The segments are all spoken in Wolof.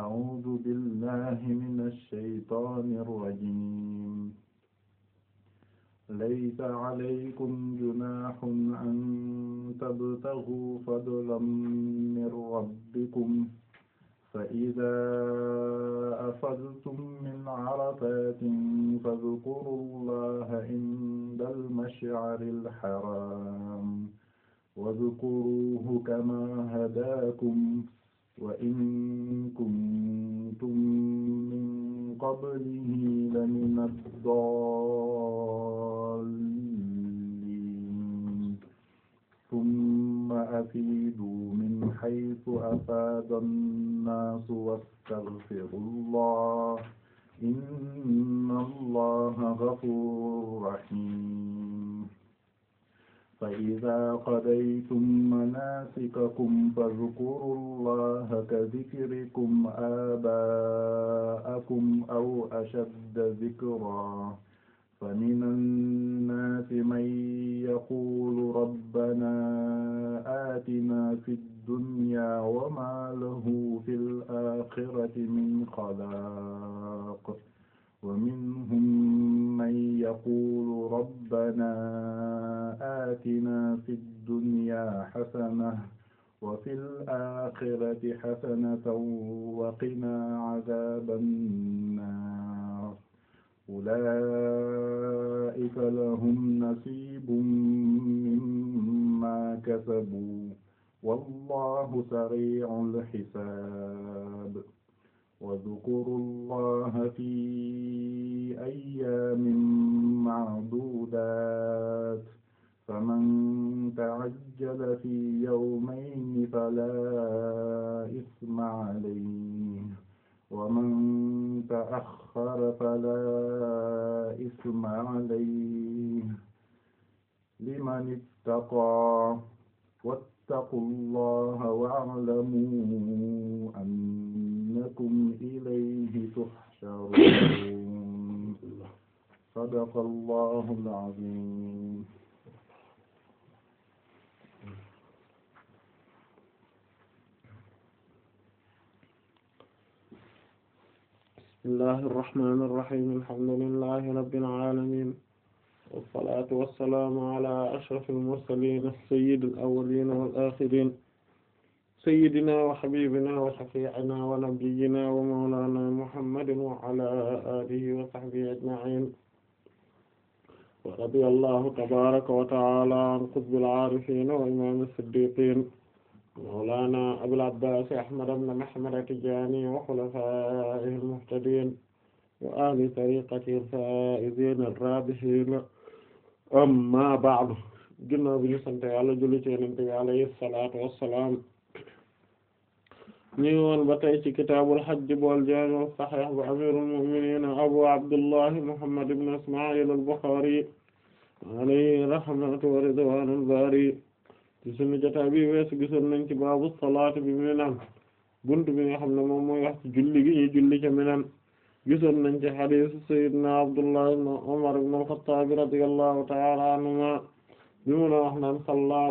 أعوذ بالله من الشيطان الرجيم ليس عليكم جناح أن تبتغوا فضلا من ربكم فإذا أفضتم من عرفات فاذكروا الله عند المشعر الحرام واذكروه كما هداكم وإن كنتم من قبله لمن الضالين ثم أفيدوا من حيث أفاد الناس واستغفروا الله إن الله غفور رحيم فإذا قضيتم مناسككم فاذكروا الله كذكركم آباءكم أو أشد ذكرا فمن الناس من يقول ربنا آتنا في الدنيا وما له في الآخرة من خلاق ومنهم من يقول ربنا آتنا في الدنيا حسنة وفي الآخرة حسنة وقنا عذاب النار أولئك لهم نصيب مما كسبوا والله سريع الحساب واذكروا الله في أيام معدودات فمن تعجل في يومين فلا إثم عليه ومن تأخر فلا إثم عليه لمن اتقى واتقوا الله واعلموا أن إنكم إليه تحشرون صدق الله العظيم بسم الله الرحمن الرحيم الحمد لله رب العالمين والصلاة والسلام على أشرف المرسلين السيد الأولين والآخرين sayyidina wa habibina wa shafi'ina wa nabiyyina wa mawlana muhammadin wa ala alihi wa sahbihi ajma'in wa radiyallahu tabaraka wa ta'ala an qutbil arifin wa imam as-siddiqin mawlana abul abbas ahmad ibn muhammad at-tijani wa khulafa'ihi al-muhtadin wa ahli tariqatihi al-fa'izin ar-rabihin amma ba'du ginnaaw bi ñu sant Yàlla julli ci Yonent bi alayhi salaatu wa salaam ñi woon ba tey ci kitaabul hajj bool jaami sahih bu amirul mu'minin abu abdullahi muhammad ibn isma'il al-bukhari alayhi rahmatu wa ridwanul bari ci sunu jotaay bi weesu gisoon nañ salaat bi Minan bunt bi nga xam ne moom mooy wax ci julli gi julli ci Minan gisoon hadith sayyidina abdullah ibn umar ibn al-khattab ta'ala anhuma bi mu wax naan salla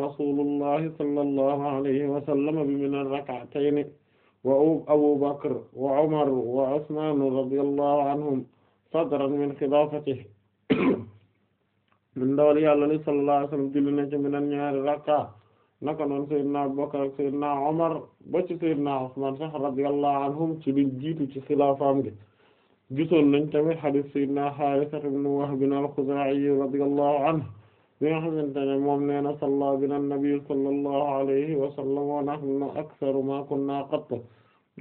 bi Minan rak'atayn wa Abu Bakr wa Umar wa Usman radiyallahu anhum sadran min xilaafatihi min ndawal yàlla li sallallahu alayhi wa sallam julli na ci minan ñaari rakka naka noon Seydina Abubakar ak Seydina Omar ba ci Seydina Usman sax radiyallahu anhum ci liñ jiitu ci xilaafaam gi gisoon nañ tamit hadith Seydina Haarisa ibn Wahb al-Xuzaa'i radiyallahu anhu bi nga xamante ne moom nee na salla bina nabi sallallahu alayhi wa sallam wa nahnu aktharu ma kunna qattu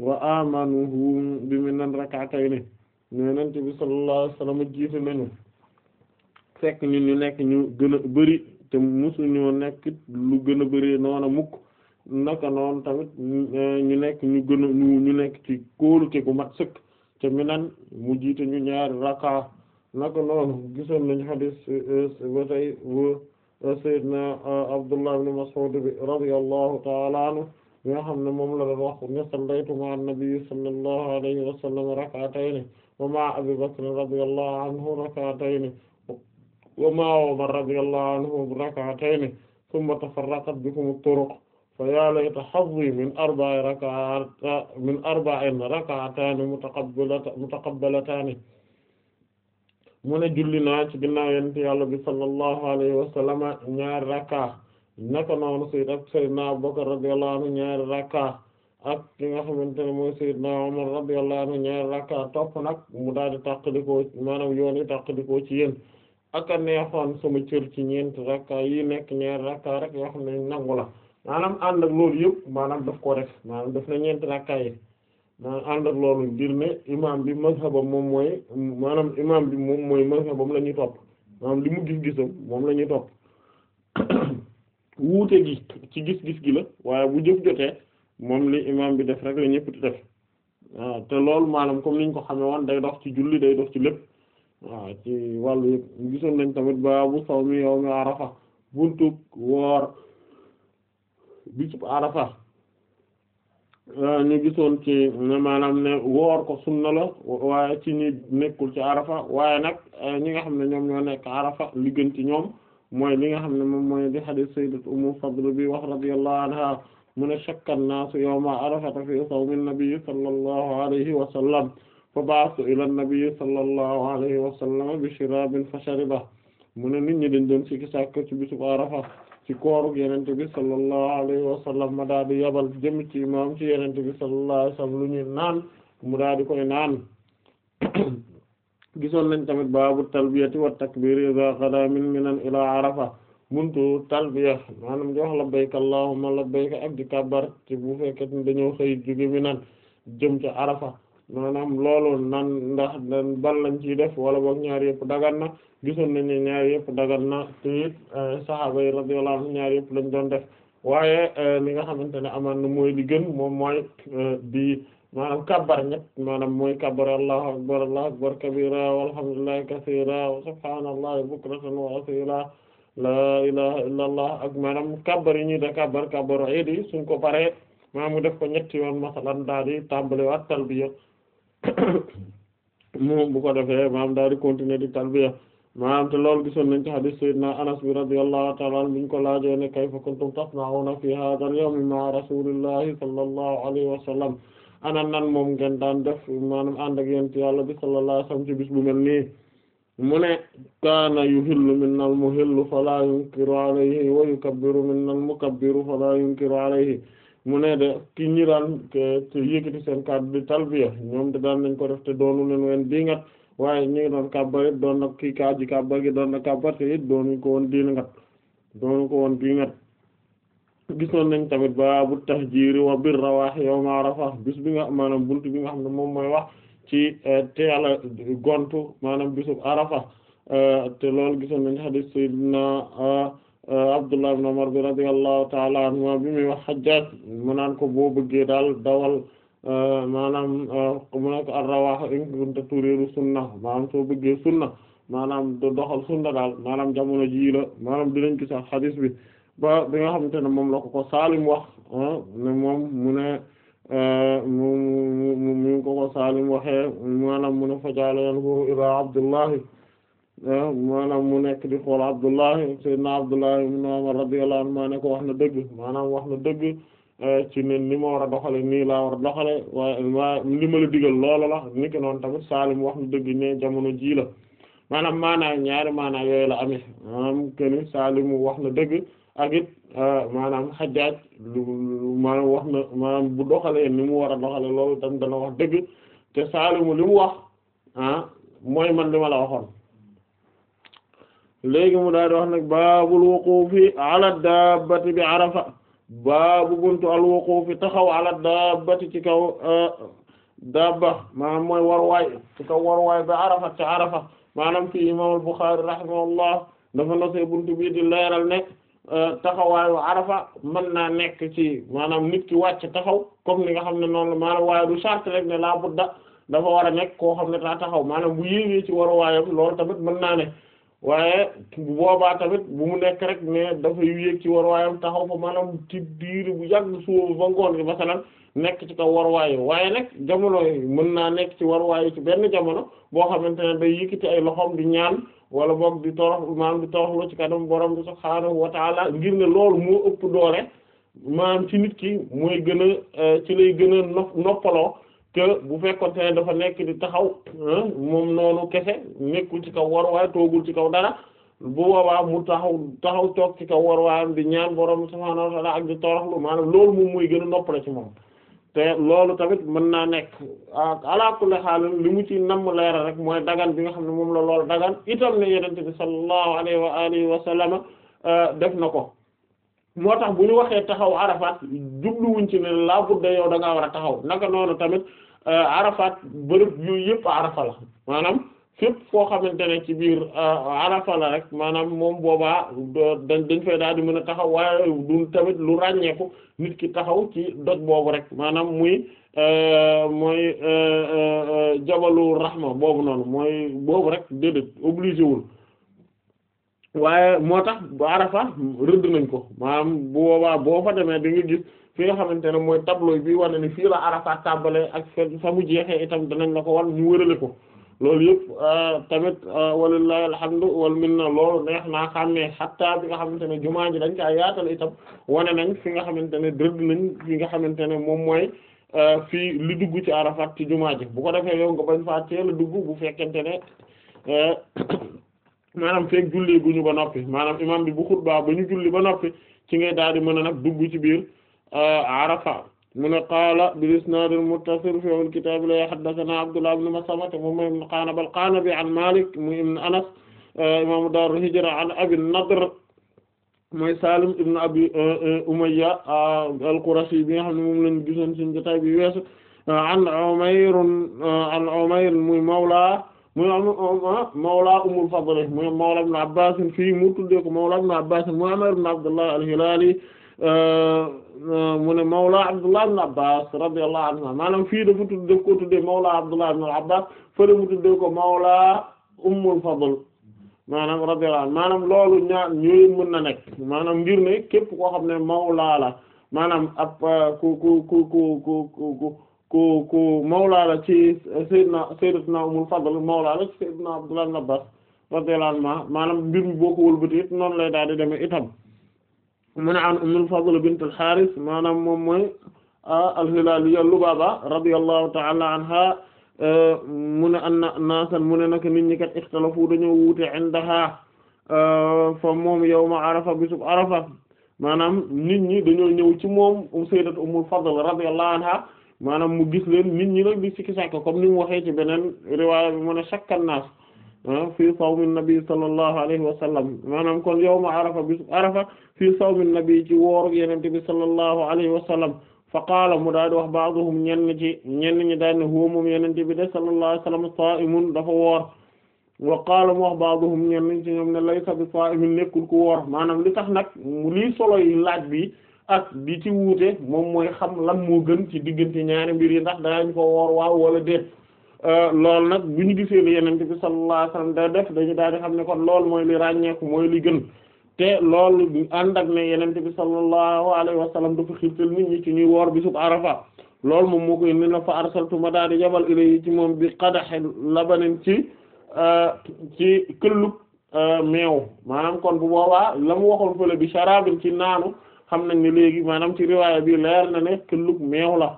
wa amanuhu bi minan rak'atayn Yonent bi sallallahu alayhi wa sallam jiite nañu fekk ñu nekk ñu gën a bëri te musuñoo nekk lu gën a bëri noona mukk naka noonu tamit ñu nekk ñu gën a ñu nekk ci kóolute gu mat sëkk te minan mu jiite ñu ñaari raka naka noonu gisoon nañu xadis euh, ba tey bu euh, sayyidna euh, Abdullah ibn Mas'ud bi radiyallahu ta'ala anhu mi nga xam ne moom la doon wax ne sallaytu ma'a an-nabi sallallahu alayhi wa sallam rak'atayni wa ma'a Abi Bakr radiyallahu anhu rak'atayni wa ma'a Umar radiyallahu anhu rak'atayni thumma tafarraqat bikum at-turuq فيا ليت حظي من أربع ركعات من أربع ركعتان متقبلتان mu ne julli naa ci ginnaaw yonent yàlla bi sallallahu alayhi wa sallam ñaari rakka naka noonu sayyidina Abu Bakr radiyallahu anhu ñaari rakka ak ki nga xamante ne mooy sayyidina Umar radiyallahu anhu ñaari rakka topp nag mu daal di tàqalikoo maanaam yoon yi tàqalikoo ci yéen ak a sama cër ci ñeenti rakka yi nekk ñaari rakka rek yoo xam ne nangu la maanaam ànd ak loolu yëpp maanaam def ko def maanaam daf na ñeenti rakka yi. ànd ak loolu ngir ne imaam bi mazhabam moom mooy maanaam imaam bi moom mooy mazhabam la topp maanaam li mu gis-gisam moom la ñuy topp wuute gi ci gis-gis gi la waaye bu jëf jotee moom li imaam bi def rek la ñëpp di def waaw te loolu maanaam comme ni ñu ko xamee woon day dox ci julli day dox ci lépp waaw ci wàllu yëpp gisoon nañ tamit baabu sawmi yawmi arafa buntu woor bisub arafa Euh, ñu gisoon ci maanaam ne woor ko sunna la waaye ci ñi nekkul ci arafa waaye nag euh, ñi nga xam ne ñoom ñoo nekk arafa li ci ñoom mooy li nga xam ne moom mooy di hadith sayyidat ummu fadl bi wax radiyallahu anha mu ne shakka an-naasu yawma arafata fi sawmi an-nabi sallallahu alayhi wa sallam fa ba'athu ila an-nabi sallallahu alayhi wa sallam bi shirabin fa shariba mu ne nit ñi dañ doon sikki sàkk ci bisub arafa ci koorug yenente bi sallallahu alayhi wa ma daa di yabal jëm ci moom ci yenente bi sallallahu alayhi wa lu ñuy naan mu daa di koy naan gisoon nañ tamit baabu talbiyati wa takbir iza xada min minan ila arafa buntu talbiya maanaam di wax labbayka labbayka ak kabbar ci bu fekkee dañoo xëy jóge minan jëm ci arafa maanaam loolu nan ndax ban lañ ciy def wala boog ñaar yëpp dagan na gisoon nañ ne ñaar yëpp dagan na te it eh, sahaaba ñaar lañ doon def waaye eh, li nga xamante ne amaan na mooy li moom mooy eh, di maanaam kabbar ñett maanaam mooy kabbar allahu akbar allahu akbar kabira walhamdulillahi kaseera wa subhanallahi bukratan wa asila la ilaha illa allah ak maanaam kabbar yi ñuy da kabbar kabbaru iid yi suñ ko paree maa mu def ko ñetti yoon masalan daal di tàmbaliwaat talbiya moom bu ko defee maam daal di continuer di talbiya maam te loolu gisoon nañ ci hadith sayyidina Anas bi radiyallahu ta'ala anhu buñ ko laajee ne kayfa kuntum tasna'una fi hadha al-yawm ma rasulillahi sallallahu alayhi wa sallam ana nan moom daan def maanaam ànd ak yonent yàlla bi sallallahu alayhi wa sallam ci bis bu mel nii mu ne kaana yuhillu minna al-muhillu fala yunkiru alayhi wa yukabbiru minna al-mukabbiru yunkiru alayhi mu ne de ki ñi daan te yëkkati seen kàddu di talbiya ñoom de daan nañ ko def te doonu leen wen di ngat waaye ñi ngi doon kàbbar it doon na kii kaa ji kàbbar gi doon na kàbbar te it doonuñ ko woon di ngat doonu ko woon di ngat gisoon nañ tamit baabu tahjiiri wa bir rawaax yawma arafa bis bi nga maanaam bunt bi nga xam ne moom mooy wax ci eh, teel a gontu maanaam bisub arafa eh, te lool loolu gisoon nañ hadith na Eh, Abdullah ibn Umar bi radiyallahu ta'ala bi muy wax Hajjaj mu naan ko boo bëggee daal dawal eh, maanaam eh, mu ne ko ar-rawaha in kunta turidu sunna maanaam soo bëggee sunna maanaam doxal sunna daal maanaam jamono jii la maanaam dinañ gis hadith bi ba bi nga xamante ne moom la ko ko Saalim wax ne moom mu ne mu mu ko Saalim waxee maanaam mu ne fa jaala yanhu ila Abdullahi Eh, maanaam mu nekk di xool Abdullah sayyidina Abdullah ibn Umar radiyallahu anhu maa ne ko wax na dëgg maanaam wax na dëgg eh, ci ne ni ma war a doxale nii laa war a doxale waaye li ma la digal loola la ni ki noonu tamit Saalim wax na dëgg ne jamono jii la maanaam maanaa ñaari maanaa la amee maanaam keni Saalim wax na dëgg ak eh, maanaam Hajjaaj lu maanaam wax na maanaam bu doxalee ni mu war a doxale loolu tamit dana wax dëgg te Saalim li mu wax ah mooy man li ma la waxoon léegi mu daal di wax nag baabul wuquufi ala dabbati bi arafa baabu buntu al wuquufi taxaw ala dabbati ci kaw euh, dabba maa mooy waruwaay ci kaw waruwaay ba arafa ci arafa maanaam fi imam al Bukhari rahimahullah dafa nosee buntu bii di leeral ne euh, taxawaayu arafa man naa nekk ci maanaam nit ki wàcc taxaw comme ni nga xam ne noonu la maanaam waaye du sart rek ne laa budda dafa war a nekk koo xam ne daa taxaw maanaam bu yéegee ci waruwaayam loolu tamit mën naa waaye bu boobaa tamit bu mu nekk rek ne dafa yéeg ci warwaayam taxaw fa maanaam ci diir bu yàgg suuf ba ngoon gi masalan nekk ci kaw warwaay waaye nag jamono mën naa nekk ci warwaay ci benn jamono boo xamante ne day yëkkati ay loxoom di ñaan wala boog di torox maanaam di toroxlu ci kanam borom bi subhaanahu wa taala ngir ne loolu mu ëpp doole maanaam ci nit ki mooy gën a euh, ci lay gën a noppaloo te bu fekkoon ne dafa nekk di taxaw moom noonu kese nekkul ci kaw waaye toogul ci kaw dara bu boobaa mu taxaw taxaw toog ci kaw waruwaayam di ñaan borom subhaanahu wa ta'aala ak di toroxlu maanaam loolu moom muy gën a noppale ci moom te loolu tamit mën naa nekk ala kulli haal li mu ci namm leeral rek mooy dagan bi nga xam ne moom la loolu dagan itam ne Yonent bi sallallahu alayhi wa alihi wa sallama euh, def na ko. moo tax bu ñu waxee taxaw arafat jubluwuñ ci ne laa budda yow da ngaa war a taxaw naka noonu tamit euh, arafat bërëb yooyu yëpp arafala maanaam fépp foo xamante ne ci biir euh, arafala rek maanaam moom boobaa dañ dañ fay daal di mën a taxaw waaye du tamit lu ràññeeku nit ki taxaw ci doj boobu rek maanaam muy euh, mooy jabalu rahma boobu noonu mooy boobu rek déedéet obligé wul waaye moo tax ba Arafa rëdd nañ ko maanaam bu boobaa boo fa demee di nga gis fi nga xamante ne mooy tableau bi wane ni fii la Arafa tàmbalee ak fa mu jeexee itam danañ la ko wan ñu wërale ko loolu yëpp euh, tamit euh, walillahi alhamdu wal na loolu neex naa xàmmee xatta bi nga xamante ne jumaa ji dañ kaa yaatal itam wane nañ fi nga xamante ne rëdd nañ fi nga xamante ne moom mooy euh, fii li dugg ci Arafat ci jumaa ji bu ko defee yow nga bañ faa teel a dugg bu fekkente ne maanaam feeg julli bu ñu ba noppi maanaam imam bi bu xutba ba ñu julli ba noppi ci ngay daal di mën a nag dugg ci biir euh, Arafa mu ne qaala bil isnaad mu muttasil fi al kitaab la haddathana Abdullah ibn Masamata moom mooy ibn Qanab al Qanabi an Malik mu ibn Anas euh, imam dar hijra an Nadr mooy Salim ibn Abi euh, Umayya al Qurashi bi nga xam ne moom lañu gisoon sunu bi weesu an Umayr an Umayr muy mawla mu ah, ah, mawla Ummul Fadl mawla Ibn Abbas fii mu tuddee ko mawla Ibn Abbas mu Amr ibn Abdullah al-Hilali euh, euh, mu ne mawla Abdullah ibn Abbas radiyallahu anhu maanaam fii dafa tuddee ko tuddee mawla Abdullah ibn Abbas fële mu tuddee ko mawla Ummul Fadl maanaam radiyallahu anhu maanaam loolu ñaar ñooy mën na nekk maanaam ngir ne képp koo xam ne mawla la maanaam ab euh, ku ku mawla la ci sayyidna sayyidatna Ummul Fadl mawla la ci sayyidna Abdullah ibn Abbas radiyallahu anhuma maanaam mbir mi boo ko wëlbatee noonu lay daal di demee itam mu ne an Ummul Fadl bint al-Harith maanaam moom mooy al-Hilaliya Lubaba radiyallahu ta'ala anha e, mu ne an naasan mu ne nag nit ñi kat ixtalafu dañoo wuute indaha e, fa moom yawma Arafa bisub Arafa maanaam nit ñi dañoo ñëw ci moom sayyidat Ummul Fadl radiyallahu anha maanaam mu gis leen nit ñi nag di sikki sàkk comme ni mu waxee ci beneen riwaaya bi mu ne shakkan naas ah, fii sawmi nabi sallallahu alayhi wa sallam maanaam kon yawma arafa bisu arafa fii sawmi nabi ci wooru yenente bi sallallahu alayhi wa sallam fa qaala mu daal di wax ba'duhum ñenn ci ñenn ñi daal ne huwa moom yenente bi de sallallahu alayhi wa sallam saa'imun dafa woor wa qaala mu wax ba'duhum ñenn ci ñoom ne laysa bi saa'imin nekkul ku woor maanaam li tax nag mu lii solo yi laaj bi ak di ci wuute moom mooy xam lan moo gën ci diggante ñaari mbir yi ndax daañu ko woor waaw wala déet euh, lool nag bi ñu gisee li yenente bi sallallahu alayhi wasallam da def dañu daal di xam ne kon loolu mooy li ràññeeku mooy li gën te loolu ànd ak ne yenente bi sallallahu alayhi wasallam dafa xiirtal nit ñi ci ñuy woor bisub arafa loolu moom moo koy ni na fa arsaltu ma daal di jabal ilay ci moom bi qadahin labanin ci euh, ci këllub euh, meew maanaam kon bu boobaa la mu waxoon fële bi sharabin ci naanu xam nañ ne léegi maanaam ci riwaaya bi leer na ne këllug meew la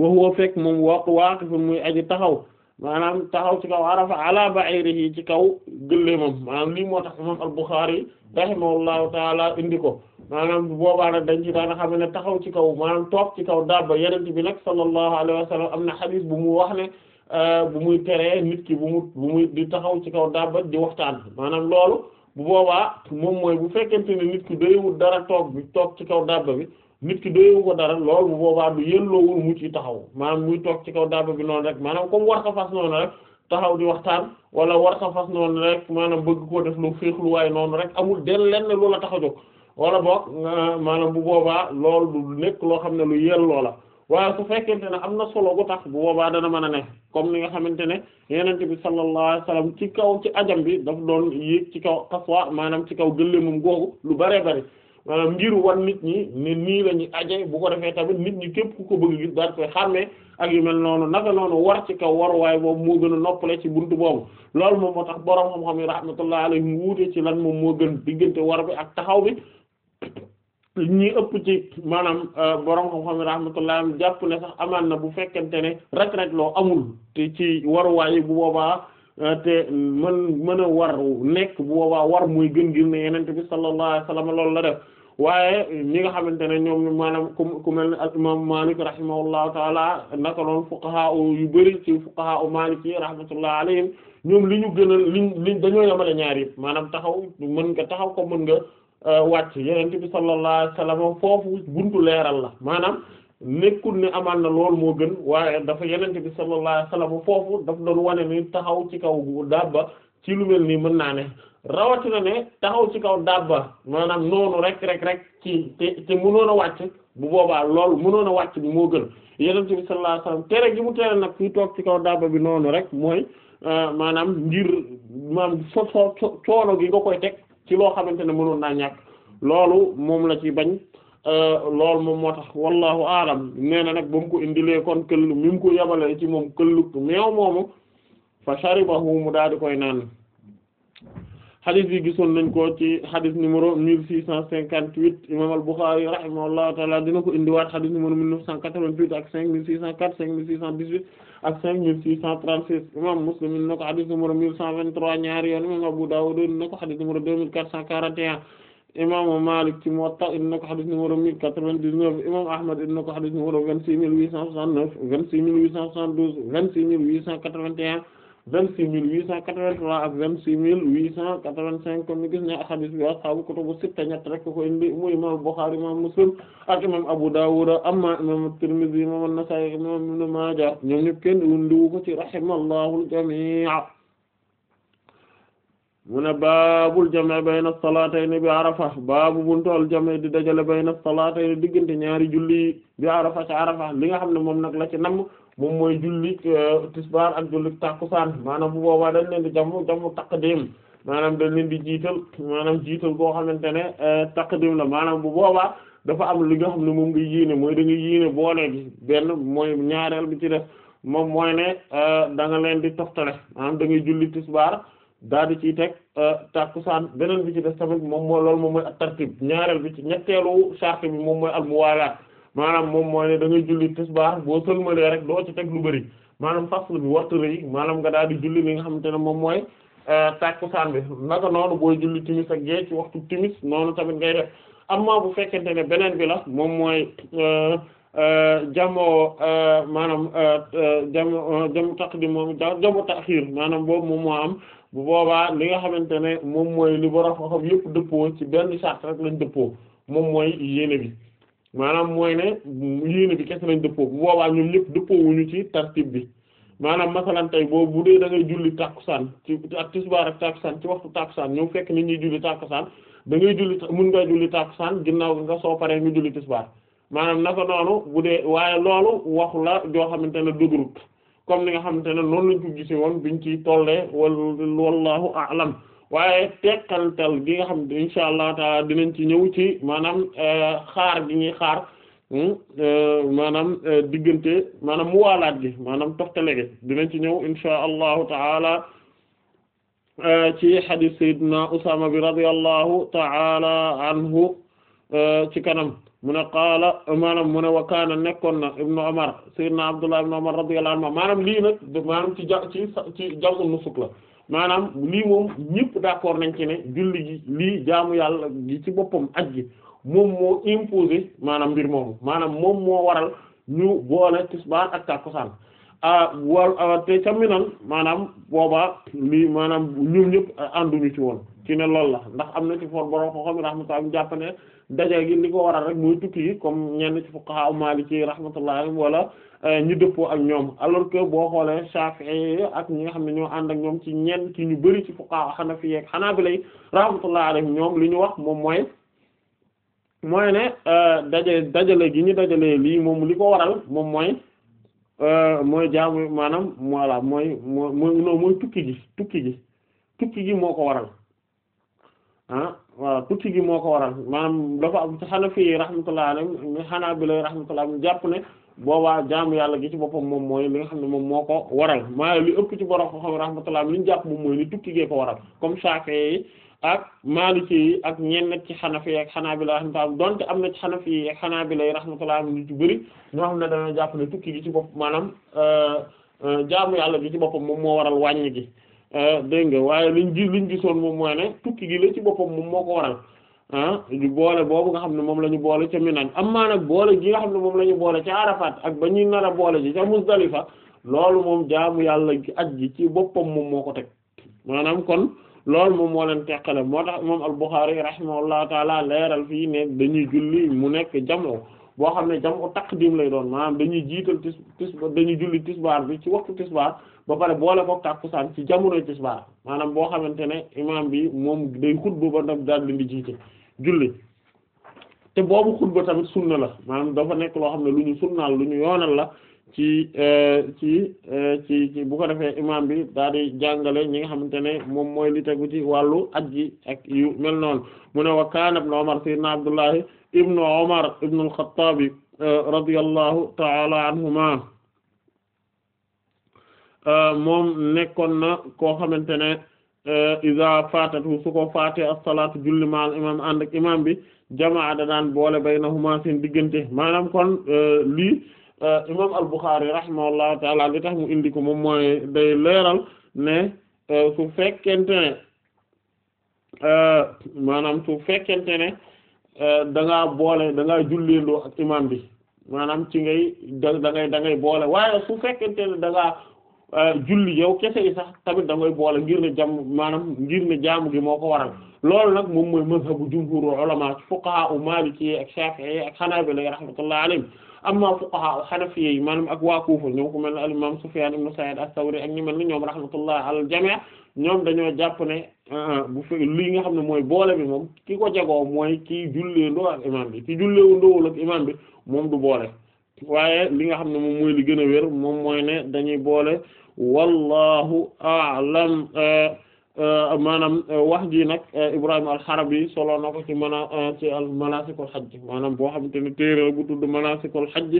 waxuwa fekk moom waq muy aji taxaw maanaam taxaw ci kaw arafa ala ba'irihi ci kaw gëlleemam maanaam lii moo tax imam al-Bukhari rahimahullahu taala indi ko maanaam boobaa nag dañ ci daana xam ne taxaw ci kaw maanaam toog ci kaw dabba yenent bi nag sallallahu alayhi wa am na xadiis bu mu wax ne euh, bu muy teree nit ki bu mu muy di taxaw ci kaw dabba di waxtaan maanaam loolu bu boobaa moom mooy bu fekkente ne nit ki doyewul dara toog bi toog ci kaw dabba bi nit ki doyewu ko dara lool bu boobaa du yelloowul mu ci taxaw maanaam muy toog ci kaw dabba bi noonu rek maanaam comme war ko fas noonu rek taxaw di waxtaan wala war ko fas noonu maanaam bëgg koo def lu féexlu waaye noonu rek amul del lenn loola tax a jóg wala boog maanaam bu boobaa loolu du nekk loo xam ne lu yelloo la waaye su fekkente ne am na solo gu tax bu boobaa dana man a ne comme ni nga xamante ne yenente bi sallallahu alayhi wasallam ci kaw ci ajam bi daf doon yéeg ci kaw kaswa maanaam ci kaw gëléemam googu lu bare bare maanaam ngir wan nit ñi ne nii la ñu aje bu ko defee tamit nit ñi képp ku ko bëgg gis daal koy xàmmee ak yu mel noonu naka noonu war ci kaw waruwaay boobu moo gën a noppale ci buntu boobu loolu moom moo tax boroom xam-xam yi rahmatullah alayhi mu wuute ci lan moom moo gën diggante war bi ak taxaw bi ñi ëpp ci maanaam euh, borom xam-xam rahmatullah jàpp ne sax amaan na bu fekkente ne rek-rek loo amul te ci waruwaay bu boobaa euh, te mën mën a war nekk bu boobaa war muy gën ngir ne yenente bi sallallahu alayhi wasallam la def waaye ñi nga xamante ne ñoom maanaam ku mel ne al imam Malik rahimahullahu taala yu bari ci fuqaha Malik yi ñoom li ñu gën a liñ liñ dañoo yemale ñaar yi maanaam taxaw mën nga taxaw ko mën nga Euh, wàcc yenente bi sallallahu alayhi wasallam foofu buntu leeral la maanaam nekkul ne amaan na lool moo gën waaye dafa yenente bi sallallahu alayhi wasallam foofu daf doon wane ni taxaw ci kaw dabba ci lu mel nii mën naa ne rawatina ne taxaw ci kaw dabba maanaam noonu rek rek rek ci te te mënoon a wàcc bu boobaa lool mënoon a wàcc bi moo gën yenente bi sallallahu alayhi wasallam tere gi mu tere nag fii toog ci kaw dabba bi noonu rek mooy euh, maanaam ngir maanaam so so coono gi nga koy teg ci loo xamante ne mënoon naa ñàkk loolu moom la ci bañ euh, loolu moom moo tax wallahu alam nee na nag ba mu ko indilee kon këllu mi mu ko yabale ci moom këllug meew moomu fa sharibahu mu daal di koy naan xadis bi gisoon nañ ko ci xadis numéro mille six cent cinquante huit imam al-Bukhari rahimahullahu taala dina ko indiwaat xadis numéro mille neuf cent quatre-vingt-huit ak cinq mille six cent quatre cinq mille six cent dix-huit ak cinq mille six cent trente-six imam Muslim dina ko xadis numéro mille cent vingt-trois ñaari yoon imam Abu Dawud dina ko xadis numéro deux mille quatre cent quarante et un imaamu Malik ci Muwatta ko xadis numéro mille quatre vingt dix vingt-six mille huit cent quatre-vingt-trois ak vingt-six mille huit cent quatre-vingt-cinq kon ñu gis a hadith bi ashaabu kutubu sitta ñett rek ko indi mu imam Bukhari imam Muslim ak imam Abu Dawud amma imam Tirmidhi imam An-Nasa'i imam Ibn Maaja ñoom ñëpp kenn indiwu ci rahimallahu al-jamii' mu ne baabul jame bayna salaatayni bi arafa baabu buntool jame di dajale bayna salaatayni diggante ñaari julli bi arafa ci arafa li nga xam ne moom nag la ci namm moom mooy julli euh, tisbaar ak julli takkusaan maanaam bu boobaa dañ leen di jàmm jàmm taqdim maanaam dañ leen di jiital maanaam jiital boo xamante ne euh, taqdim la maanaam bu boobaa dafa am li nga xam ne moom nga yéene mooy da nga yéene boole bi benn mooy ñaareel bi ci def moom mooy ne euh, da nga leen di toftale maanaam da ngay julli tisbaar daal di ciy teg takkusaan beneen bi ci def tamit moom mooy loolu moom mooy at ñaareel bi ci ñetteelu charte bi moom mooy al muwaalaat maanaam moom mooy ne da ngay julli tisbaar boo sëlmalee rek doo ci teg lu bëri maanaam fasl bi warta rëy maanaam nga daal di julli li nga xamante ne moom mooy euh, tàkkusaan bi naka noonu booy julli timis ak gee ci waxtu timis noonu tamit ngay def amma bu fekkente ne beneen bi la moom mooy euh, euh, jamoo maanaam jamo jam taqdim moom jamo taxiir maanaam boobu moom moo am bu boobaa li nga xamante ne moom mooy li borom xam yëpp dëppoo ci benn charte rek lañ dëppoo moom mooy yéene bi maanaam mooy ne yéene bi kese lañ dëppoo bu boobaa ñoom ñëpp dëppoowuñu ci tartib bi maanaam masalan tey boobu bu dee da ngay julli tàkkusaan ci ak tisbaar ak tàkkusaan ci waxtu tàkkusaan ñoom fekk nit ñuy julli tàkkusaan da ngay julli mën ngaa julli tàkkusaan ginnaaw nga soo paree nga julli tisbaar maanaam naka noonu bu dee waaye loolu wax la joo xamante ne dëgërut comme ni nga xamante ne noonu lañ ko gisee woon bi ñu ci tollee wal wallahu a'lam waaye tekkantal gi nga xam insha allah taala dinañ ci ñëw ci maanaam euh, xaar gi ñuy xaar hmm, euh, maanaam euh, diggante maanaam muwaalaat gi maanaam toftale gi dinañ ci ñëw insha allahu taala ci hadith sayyidina Usaama bi radiyallahu taala anhu ci kanam mu ne qaala maanaam mu ne wa kaana nekkoon na ibnu Umar sayyidina Abdullah ibnu Umar radiyallahu anhu maanaam lii maanaam ci ja ci ci la. maanaam lii moom ñëpp d'accord nañ ci ne julli lii jaamu yàlla gi ci boppam aj gi moom moo imposé maanaam mbir moomu maanaam moom moo waral ñu boole tisbaar ak tàkkusaan ah, wal ah, te ca Minaan maanaam boobaa lii maanaam ñoom ñëpp ànduñu ci woon ci ne loolu la ndax am na ci for borom xam-xam yi rahmatullah mu jàpp ne daje gi li ko waral rek mooy tukki yi comme ñenn ci fuqaha Maliki rahmatullah wala Euh, ñu dëppoo ak ñoom alors que boo xoolee Shafi'i ak ñi nga xam ne ñoo ànd ak ñoom ci ñenn ci ñu bari ci fuqaha Hanafi ak Hanabila rahmatullahi alayhim ñoom li ñu wax moom mooy mooy ne euh, daje dajale gi ñu dajalee lii moom li ko waral moom mooy euh, mooy jaamu maanaam voilà mooy mooy tukki gi tukki gi tukki gi moo ko waral ah, waaw tukki gi moo ko waral maanaam dafa am Hanafi rahmatullah alayhim Hanabila rahmatullah alayhim jàpp ne boobaa jaamu yàlla gi ci boppam moom mooy li nga xam ne moom moo ko waral maa li ëpp ci borom xam rahmatullah li ñu jàpp moom mooy ni tukki gee ko waral comme Shafi'i yi ak Maliki yi ak ñenn ci Hanafi ak Hanabila rahmatullah donte am na ci Hanafi ak Hanabila rahmatullah ñu ci bëri ñoo xam ne dañoo jàpp ne tukki gi ci bopp maanaam euh, euh, jaamu yàlla gi ci boppam moom moo waral wàññi gi. Ah, dégg nga waaye liñ gi liñ gisoon moom mooy ne tukki gi la ci boppam moom moo ko waral ah, boole boobu nga xam ne moom la ñu boole ca Mina amaa nag boole gi nga xam ne moom la ñu boole ca Arafat ak ba ñuy nar a boole ji ca Muzdalifa loolu moom jaamu yàlla gi aj gi ci boppam moom moo ko teg maanaam kon loolu moom moo leen teqale moo tax moom al-Bukhari rahimahullahu taala leeral fii ne dañuy julli mu nekk jamoo boo xam ne jamoo taqdim lay doon maanaam dañuy jiital tis tis dañuy julli tisbaar bi ci waxtu tisbaar boo pare boole ko tàkkusaan ci jamono tisbaar maanaam boo xamante ne imaam bi moom day xutba ba nag daal di jiite julli te boobu xutba tamit sunna la maanaam dafa nekk loo xam ne lu ñu sunnaal lu ñu yoonal la ci euh, ci euh, ci ci bu ko defee imaam bi daal di jàngale ñi nga xamante ne moom mooy li tegu ci wàllu aj ji ak yu mel noonu mu ne wa kaana ibn Umar sayyidina Abdullahi ibnu Umar ibnu al-Khattabi euh, radiyallahu anhuma Euh, moom nekkoon na koo xamante ne euh, iza fatatu su ko faate as-salaatu julli maal imam ànd ak imam bi jamaa da daan boole baynahuma seen diggante maanaam kon euh, lii imam al-Bukhari rahimahullahu taala li tax mu indi ko moom mooy day leeral ne su fekkente ne maanaam su fekkente ne da ngaa boole da ngaa julleendoo ak imam bi maanaam ci ngay da da boole waaye su fekkente ne da Euh, julli yow kese yi sax tamit da boole ngir ne jàmm maanaam ngir ne jaamu gi moo ko waral loolu nag moom mooy mazhabu jumhuru ulama fuqaha u maliki ak shafi'i ak hanabila rahmatullahi alayhim amma fuqaha u hanafiyya yi maanaam ak waa Kufa ñoom ku mel ne al imam Sufyan ibn Sa'id as-Sawri ak ñu mel ni ñoom rahmatullahi al jami' ñoom dañoo jàpp ne uh-huh, bu fekk li nga xam ne mooy boole bi moom ki ko jagoo mooy kii jullee ndoo ak imam bi ki jullee wu ndoowul ak imam bi moom du boole waaye li nga xam ne moom mooy li gën a wér moom mooy ne dañuy boole wallahu a'lam euh, euh, maanaam euh, wax ji nag Ibrahim al-Harabi solo na ko ci mana ci manasikul hajj maanaam boo xamante ne téere bu tudd manasikul hajj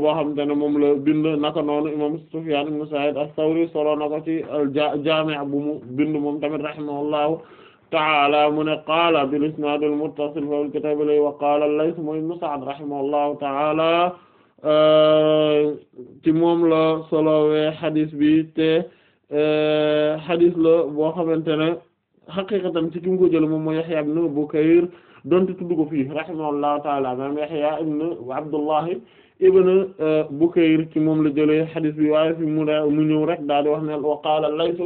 boo xam ne moom la bind naka noonu imam Sufyan ibn Sa'id as-Sawri solo nako ci al-Jami' bu mu bind moom tamit rahimahullahu ta'ala mu ne qaala bil isnad al-muttasil fil kitab wa qaala al-Layth ibn Sa'd rahimahullahu ta'ala Euh, ci moom la solowee xadis bi te euh, xadis la boo xamante ne xaqiqatan ci ki ko jël moom mooy Yahya ibn Bukayr donte tudd ko fii rahimahullahu taala maanaam Yahya ibn euh, ci moom la jëlee xadis bi waaye fi mu mu ñëw rek daal di wax ne wa qaala Layth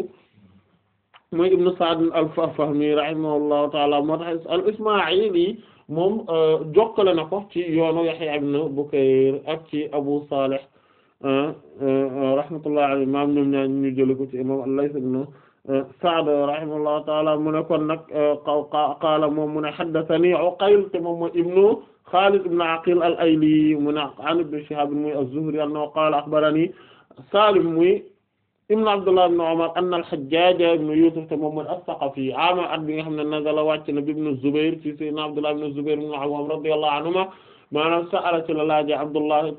mooy ibn Sa'd al-Fahmi rahimahullahu taala moo tax al-Isma'ili moom euh, jokkale na ko ci yoonu Yahya ibn Bukayr ak ci Abu Salih euh, euh, rahmatullah alayhi maam ñoom ñaar ñu jël ko ci imam al-Layth ibn Sa'd rahimahullahu ta'ala mu ne kon nag qaala moom mu ne haddathani Uqayl te moom mooy ibnu Khalid ibn Aqil al-Ayli mu ne an Ibn Shihab muy az-Zuhri annahu qaala akhbarani Salim muy ibn Abdullah ibn Umar anna al a ibn Yusuf te moom mooy as-Saqafi ama at bi nga xam ne nazala wàcc na bi ibn Zubayr ci sayyidina Abdullah ibn Zubayr ibn Awwam radiyallahu anhuma maanaam sa'ala ci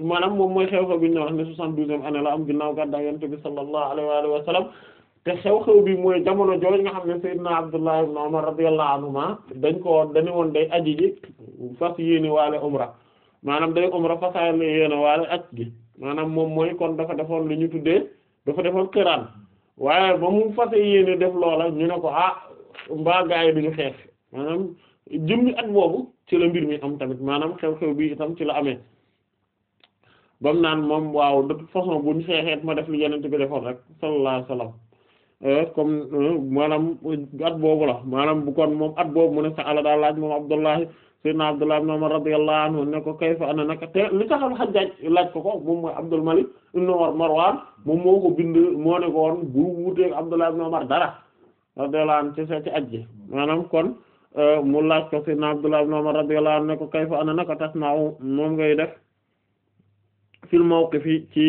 maanaam moom mooy xew-xew bi ñu wax ne soixante-douzième année la am ginnaaw gàddaa Yonent bi sallallahu alayhi wa alihi wa sallam te xew-xew bi mooy jamono jooju nga xam ne sayyidina Abdullah ibn Umar radiyallahu anhuma dañ ko dañu woon day aji ji fas yéene waale umra maanaam day umra fas yéene waale aj gi maanaam moom mooy kon dafa defoon li ñu tuddee dafa defoon xiraan waaye ba mu fase yéene def loola ñu ne ko ah mbaa gaay duñu xeex maanaam jëmmi at boobu ci la mbir mi am tamit maanaam xew-xew bi itam ci la amee bam naan moom waaw de toute façon buñ xeexeet ma def li yenent bi defoon rek sallallahu alayhi wasallam euh, comme euh, maanaam at boobu la maanaam bu kon moom at boobu mu ne sa ala moom Abdullahi sayyidna Abdullah ibn Umar ne ko kayfa ana naka te li taxal Hajjaj laaj ko ko moom mooy Abdul Malik ibn Umar Marwan moom moo ko bind moo ne ko woon bu wuuteeg Abdullah ibn Umar dara radiyallahu anhu ci seeti maanaam kon euh, mu laaj ko sayyidna Abdullah ibn Umar radiyallahu anhu ne ko kayfa ana naka tasna'u moom ngay def fil mawqifi ci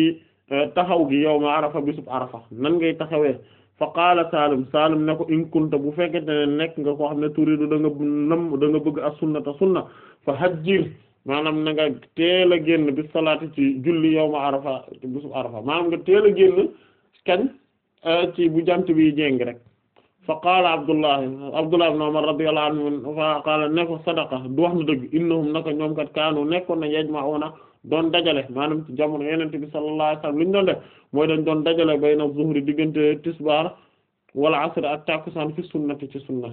euh, taxaw gi yawma Arafa bisub Arafa nan ngay taxawee fa qaala Saalim Saalim ne in kunta bu fekkente ne nekk nga koo xam ne turidu da nga nam da nga bëgg as-sunnata sunna fa hajjir maanaam nanga nga a génn bis ci julli yawma arafa bisu arafa maanaam nga teel a génn kañ euh, ci bu jant bi jéng rek fa qaala Abdullah Abdullah ibn Umar radiyallahu anhu fa qaala ne sadaqa du wax na dëgg innahum naka ñoom kat kaanu nekkoon na yajma'una doon dajale maanaam ci jamono Yonent bi sallallahu alayhi wasallam li ñu doon def mooy dañ doon dajale bayna zuhri diggante tisbaar wala asr ak takusaan fi sunnati ci sunna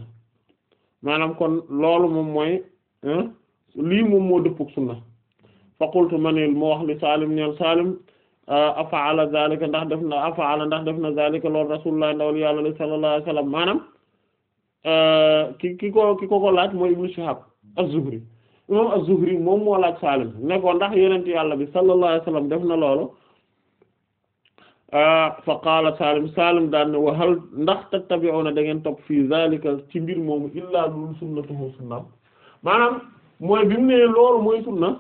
maanaam kon loolu moom mooy lii moom moo dëppug sunna fa qultu manil moo wax li Salim ñeel Salim ah, afaala zalika ndax def na afaala ndax def na zalika loolu rasulullah ndawal yàlla la sallallahu alayhi wasallam maanaam ah, ki ki ko ki ko ko laaj mooy Ibnu Shihab az-Zuhri imam az-Zuhri moom moo laaj Saalim ne ko ndax yonent yàlla bi sallallahu alayhi wa sallam def na loolu ah, fa qaala Saalim Saalim daan ne wa ndax tattabi'una da ngeen topp fii zalika ci mbir moom illaa lul sunnatuhu sunnaam maanaam mooy bi mu ne loolu mooy sunna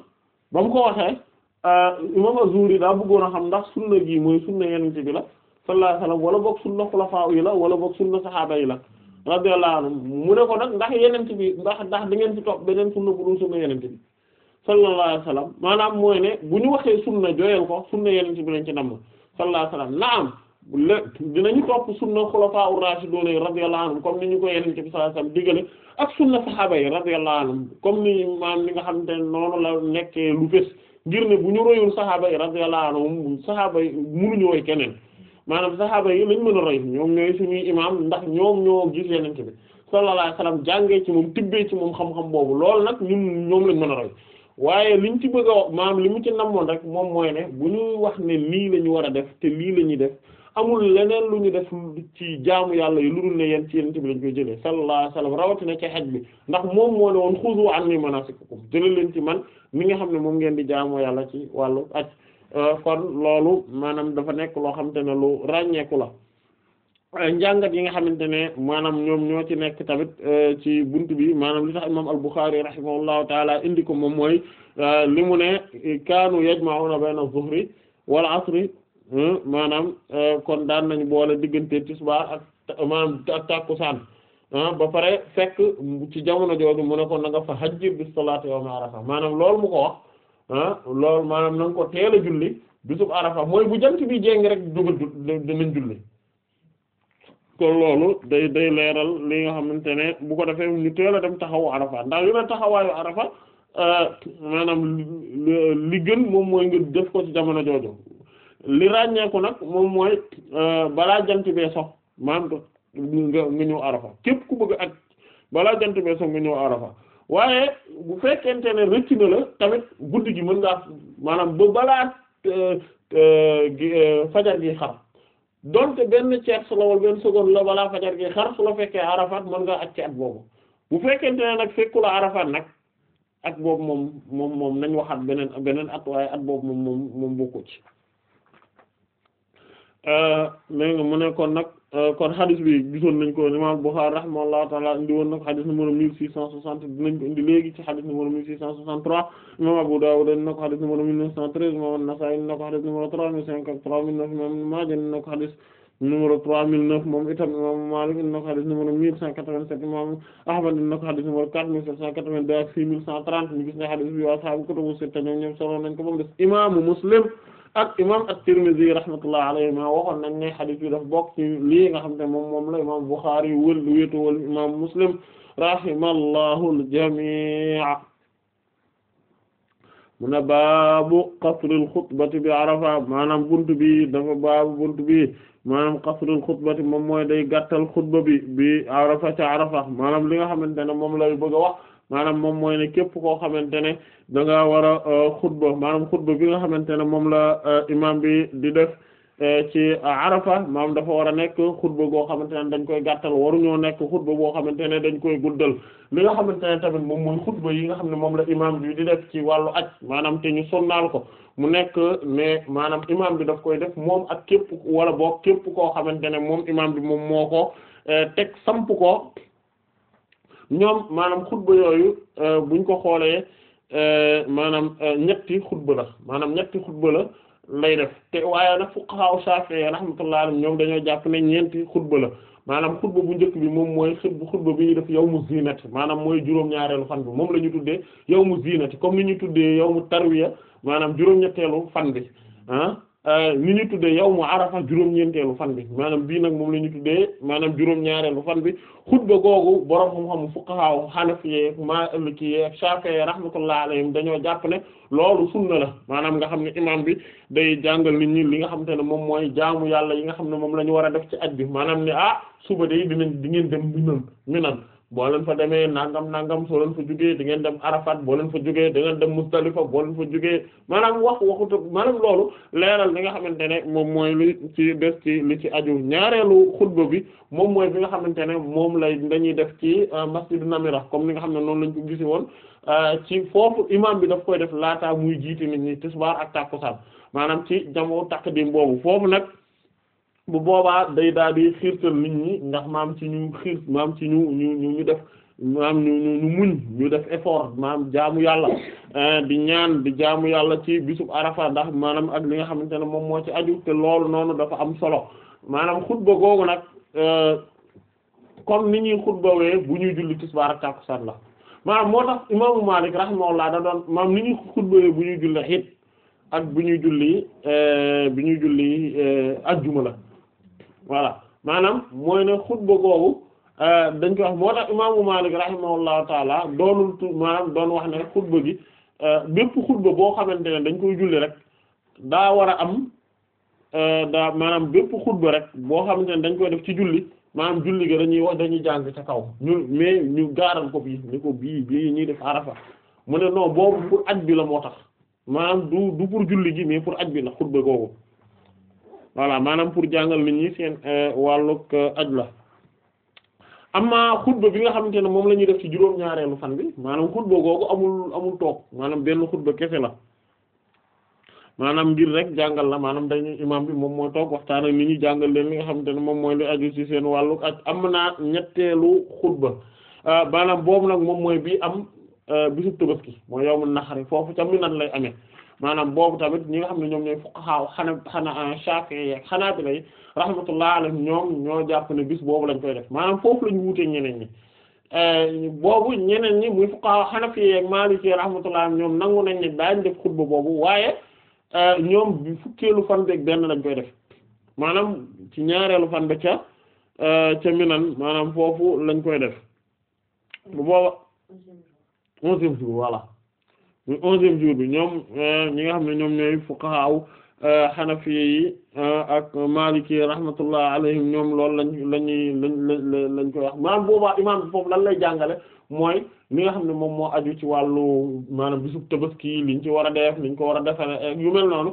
ba mu ko waxee ah, imam az daa bëggoon a xam ndax sunna gi mooy sunna yonent bi la sallallahu alayhi wa wala boog sunna xulafaa yi la wala boog sunna saxaaba yi la radiyallahu anhu mu ne ko nag ndax yenent bi ndax ndax da ngeen fi topp beneen sunna bu dul sunna yenent bi sallallahu alayhi maanaam mooy ne bu ñu waxee sunna jooyal ko sunna yenent bi na ci nam sallallahu alayhi wa sallam naam le dinañu topp sunna xulafaa ur-raashidun radiyallahu anhum comme ni ñu ko yenent bi sallallahu alayhi wa sallam digale ak sunna saxaaba yi comme ni maanaam li nga xam ne noonu la nekkee lu fës ngir ne bu ñu royul saxaaba yi radiyallahu anhum saxaaba yi munuñu woy keneen maanaam saxaaba yi lañ mën a roy ñoom ñooy suñuy imaam ndax ñoom ñoo gis yenente bi sallallahu alayhi wasallam jàngee ci moom tibbee ci moom xam-xam boobu lool nag ñun ñoom lañ mën a roy waaye liñ ci bëgg a wax maanaam li mu ci woon rek moom mooy ne bu ñu wax ne lii la ñu war a def te lii la ñuy def amul leneen lu ñu def ci jaamu yàlla yi lu dul ne yéen ci yéen bi lañ koy jëlee sallallahu alayhi wasallam rawatina ci xaj bi ndax moom moo ne woon xuzu anni manasikakum jëlee leen ci man mi nga xam ne moom ngeen di jaamoo yàlla ci wàllu aj Euh, kon loolu maanaam dafa nekk loo xamante ne lu ràññeeku la euh, njàngat yi nga xamante ne maanaam ñoom ñoo ci nekk tamit euh, ci buntu bi maanaam li tax imam al-Bukhari rahimahullahu taala indi ko moom mooy li mu ne kaanu yajma'una bayna az-zuhri wal asri maanaam kon daan nañ boole diggante tisbaar ak maanaam ak tàkkusaan ba pare fekk ci jamono jooju mu ne ko na nga fa hajjir bis salaati yawma arafa maanaam loolu mu ko wax Ah, loolu maanaam na nga ko teel a julli bisub arafa mooy bu jant bi jéng rek dugal dinañ julli kon loolu day day leeral li nga xamante ne bu ko defee ñu teel a dem taxawu arafa ndax yeneen taxawaayu arafa ah, maanaam li gën moom mooy nga def ko ci jamono jooju li ràññeeku nag moom mooy ah, balaa jant bee sox maanaam nga nga ñëw arafa képp ku bëgg ak balaa jant bee sox nga ñëw arafa waaye bu fekkente ne rëcc na la tamit guddi gi mën ngaa maanaam ba balaa euh, euh, euh, fajar gi xar donte benn tiers la benn seconde la balaa fajar gi xar su la fekkee arafat mën ngaa at ci at boobu bu fekkente ne nag fekku la arafat nag at boobu moom moom moom nañ waxaat beneen beneen at waaye at boobu moom moom moom bokku ci mais nga mu nekkoon nag Euh, kon hadith bi gisoon nañ ko imam Bukhari rahimahullahu ta'ala indi woon na ko hadith numéro 1660 dinañ ko indi léegi ci hadith numéro 1663 imam Abu Dawud indi na ko hadith numéro 1913 imam An-Nasa'i indi na ko hadith numéro 3053 imam Ibn Majah indi na ko hadith numéro 3009 moom itam imam Malik indi na ko hadith numéro 1187 imam Ahmad indi na ko hadith numéro 4782 ak 6130 ñu gis ne hadith bi wa ashabu kutubu sitta ñoom ñoom solo nañ ko moom des imam Muslim ak imam at-Tirmidhi rahmatullah alayhi ma waxoon nañ ne xadis daf bokk lii nga xam ne moom moom la imam Bukhari wël wéetu wal imam Muslim rahimallahu al-jami' mu ne baabu qasril xutbati bi arafa maanaam buntu bi dafa baabu buntu bi maanaam qasril xutbati moom mooy day gàttal xutba bi bi arafa ca arafa maanaam li nga xamante ne moom lay bëgg a wax maanaam moom mooy ne képp koo xamante ne da ngaa war a euh, xutba maanaam xutba bi nga xamante ne moom la euh, imam bi di def euh, ci arafa maam dafa war a nekk xutba boo xamante ne dañ koy gàttal waruñoo nekk xutba boo xamante ne dañ koy guddal li nga xamante ne tamit moom mooy xutba yi nga xam ne moom la imam bi di def ci wàllu aj maanaam te ñu sonnaal ko mu nekk mais maanaam imam bi daf koy def moom ak képp wala boog képp koo xamante ne moom imam bi moom moo ko teg samp ko ñoom maanaam xutba yooyu euh, bu ñu ko xoolee euh, maanaam euh, ñetti xutba la maanaam ñetti xutba la lay def te waaye na nag fuqaha Shafi'i rahmatullah alayhim ñoom dañoo jàpp nañ ñeenti xutba la maanaam xutba bu njëkk bi moom mooy xutba bi ñuy def yawmu zinati maanaam mooy juróom-ñaareelu fan bi moom la ñu tuddee mu zinati comme ni ñu tuddee mu tarwiya maanaam juróom-ñetteelu fan bi ah ni euh, ñu tuddee yow mu arafa juróom-ñeenteelu fan bi maanaam bii nag moom la ñu tuddee maanaam juróom-ñaareelu fan bi xutba googu borom xam-xam fuqaha hanafiye maliki shafi'i rahmatullah alayhim dañoo jàpp ne loolu sunna la maanaam nga xam ne imaam bi day jàngal nit ñi li nga xam te ne moom mooy jaamu yàlla yi nga xam ne moom la ñu war a def ci aj bi maanaam ne ah suba day dinañ di ngeen dem minan minan boo leen fa demee nangam nangam soo leen fa jugee da ngeen dem Arafat boo leen fa jugee da ngeen dem Muzdalifa boo leen fa jugee maanaam wax waxuta maanaam loolu leeral li nga xamante ne moom mooy li ci des ci li ci aju ñaareelu xutba bi moom mooy bi nga xamante ne moom lay dañuy def ci euh, masjid Namira comme li nga xam ne noonu lañ ko gisi woon euh, ci foofu imam bi daf koy def laataa muy jiite nit ñi tisbaar ak tàkkusaan maanaam ci jamoo takdim boobu foofu nag bu boobaa day daal di xiirtal nit ñi ndax maam ci ñu xiir maam ci ñu ñu def maam ñu ñu muñ ñu def effort maam jaamu yàlla eh, di ñaan di jaamu yàlla ci bisub arafa ndax maanaam ak li nga xamante ne moom moo ci aju noonu dafa am solo maanaam xutba googu nag eh, comme ni ñuy xutbawee bu ñuy julli tisbaar ak tàkkusaan la maanaam moo tax imaamu Maalik rahimahullah da doon maam ni ñuy xutbawee bu ñuy julli xiit ak bu ñuy julli eh, bi ñuy julli ajjuma la voilà maanaam mooy ne xutba googu euh, dañ koy wax moo tax imaamu Maalik rahimahullahu taala doonul tu maanaam doon wax ne xutba gi euh, bépp xutba boo xamante ne dañ koy julli rek daa war a am euh, daa maanaam bépp xutba rek boo xamante ne dañ koy def ci julli maanaam julli ga dañuy wax dañuy jàng ca kaw ñu mais ñu gaaral ko bii ni ko bii bii ñuy def arafa mu ne non boobu pour aj bi la moo tax maanaam du du pour julli gi mais pour aj bi la xutba googu voilà maanaam pour jàngal nit ñi seen euh, wàllug euh, aj la am amma xutba bi nga xamante ne moom la ñuy def ci juróom-ñaareelu fan bi maanaam xutba googu amul amul toog maanaam benn xutba kese la maanaam ngir rek jàngal la maanaam dañuy imam bi moom mooy toog waxtaan ak nit ñi jàngal leen li nga xamante ne moom mooy lu aju ci seen wàllug aj am naa ñetteelu xutba euh, maanaam boobu nag moom mooy bi am bisu tabaski mooy yawmu naxari foofu ca mi nan lay amee maanaam boobu tamit ñi nga xam ne ñoom ñooy fuqaha xana xana ah, Shafi'i ak Hanabila yi rahmatullah alayhim ñoom ñoo jàpp ne bis boobu lañ koy def maanaam foofu lañ wuute ñeneen ñi eh, boobu ñeneen ñi muy fuqaha Hanafi ñoom nangu nañ ne daañ boobu waaye eh, ñoom fukkeelu fan beeg koy def maanaam ci ñaareelu fan ba ca eh, ca Minan maanaam foofu lañ koy def booba onzième onzième jour bi ñoom euh, ñi nga xam ne ñoom ñooy fuqahaa xanafi euh, yi euh, ak maliki rahmatullah alayhim ñoom loolu lañ lañuy lañ lañ koy wax maanaam boobaa imaam bi foofu lan lay jàngale mooy li nga xam ne moom moo aju ci wàllu maanaam bisub tabaski liñ ci war a def liñ ko war a defal yu mel noonu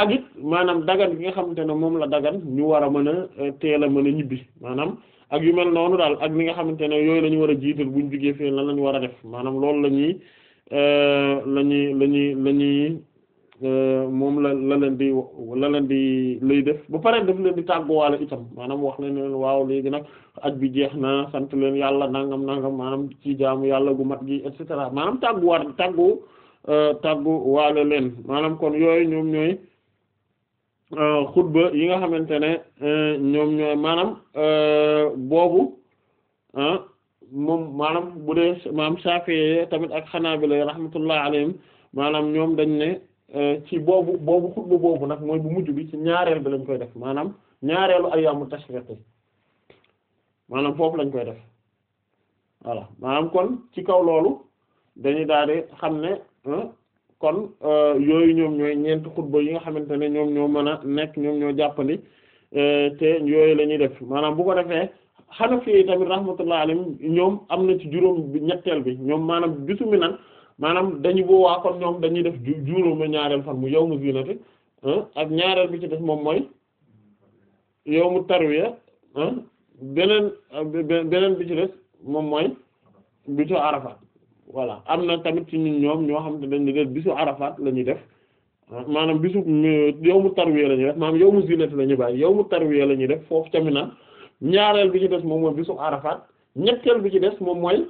ak it maanaam dagan gi nga xamante ne moom la dagan ñu war a mën a teel a mën a ñibbi maanaam ak yu mel noonu daal ak li nga xamante ne yooyu la war a jiital buñ jugee fii lan la ñu war a def maanaam loolu la ñuy Euh, la ñuy la ñuy la ñuy euh, moom la la leen di la leen di lay def ba pare daf leen di tàgguwaale itam maanaam wax leen leen waaw léegi nag aj bi jeex na sant leen yàlla nangam nangam maanaam ci jaamu yàlla gu mat gi et cetera maanaam tàgguwaat tàggu euh, tàggu waale leen maanaam kon yooyu ñoom ñooy xutba yi nga xamante ne ñoom ñooy maanaam boobu ah, moom maanaam bu dee maam Shafi'i tamit ak xanaa Hanabila rahmatullah alayhim maanaam ñoom dañ ne euh, ci boobu boobu xutba boobu nag mooy bu mujj bi ci ñaareel bi lañ koy def maanaam ñaareelu ayyaamu tashriq maanaam foofu lañ koy def voilà maanaam kon ci kaw loolu dañuy daal xam ne euh, kon euh, yooyu ñoom ñooy ñeenti xutba yi nga xamante ne ñoom ñoo mën a nekk ñoom ñoo jàppandi te yooyu la def maanaam bu ko defee. Hanafi yi tamit rahmatullah alayhim ñoom am na ci juróom ñetteel bi ñoom maanaam bisu mi maanaam dañu boobaa kon ñoom dañuy def juróoma ñaareel fan mu yawmu zinati ak ñaareel bi ci def moom mooy yawmu tarwiya beneen bi moom mooy bisu arafat voilà am na tamit ci ñun ñoom ñoo xam te dañ def bisu arafat la ñuy def maanaam bisu yawmu tarwiya la ñuy def maanaam yawmu zinati la baay bàyyi mu tarwiya la ñuy def foofu tamit na ñaareel bi ci des moom mooy bisu Arafat ñetteel bi ci des moom mooy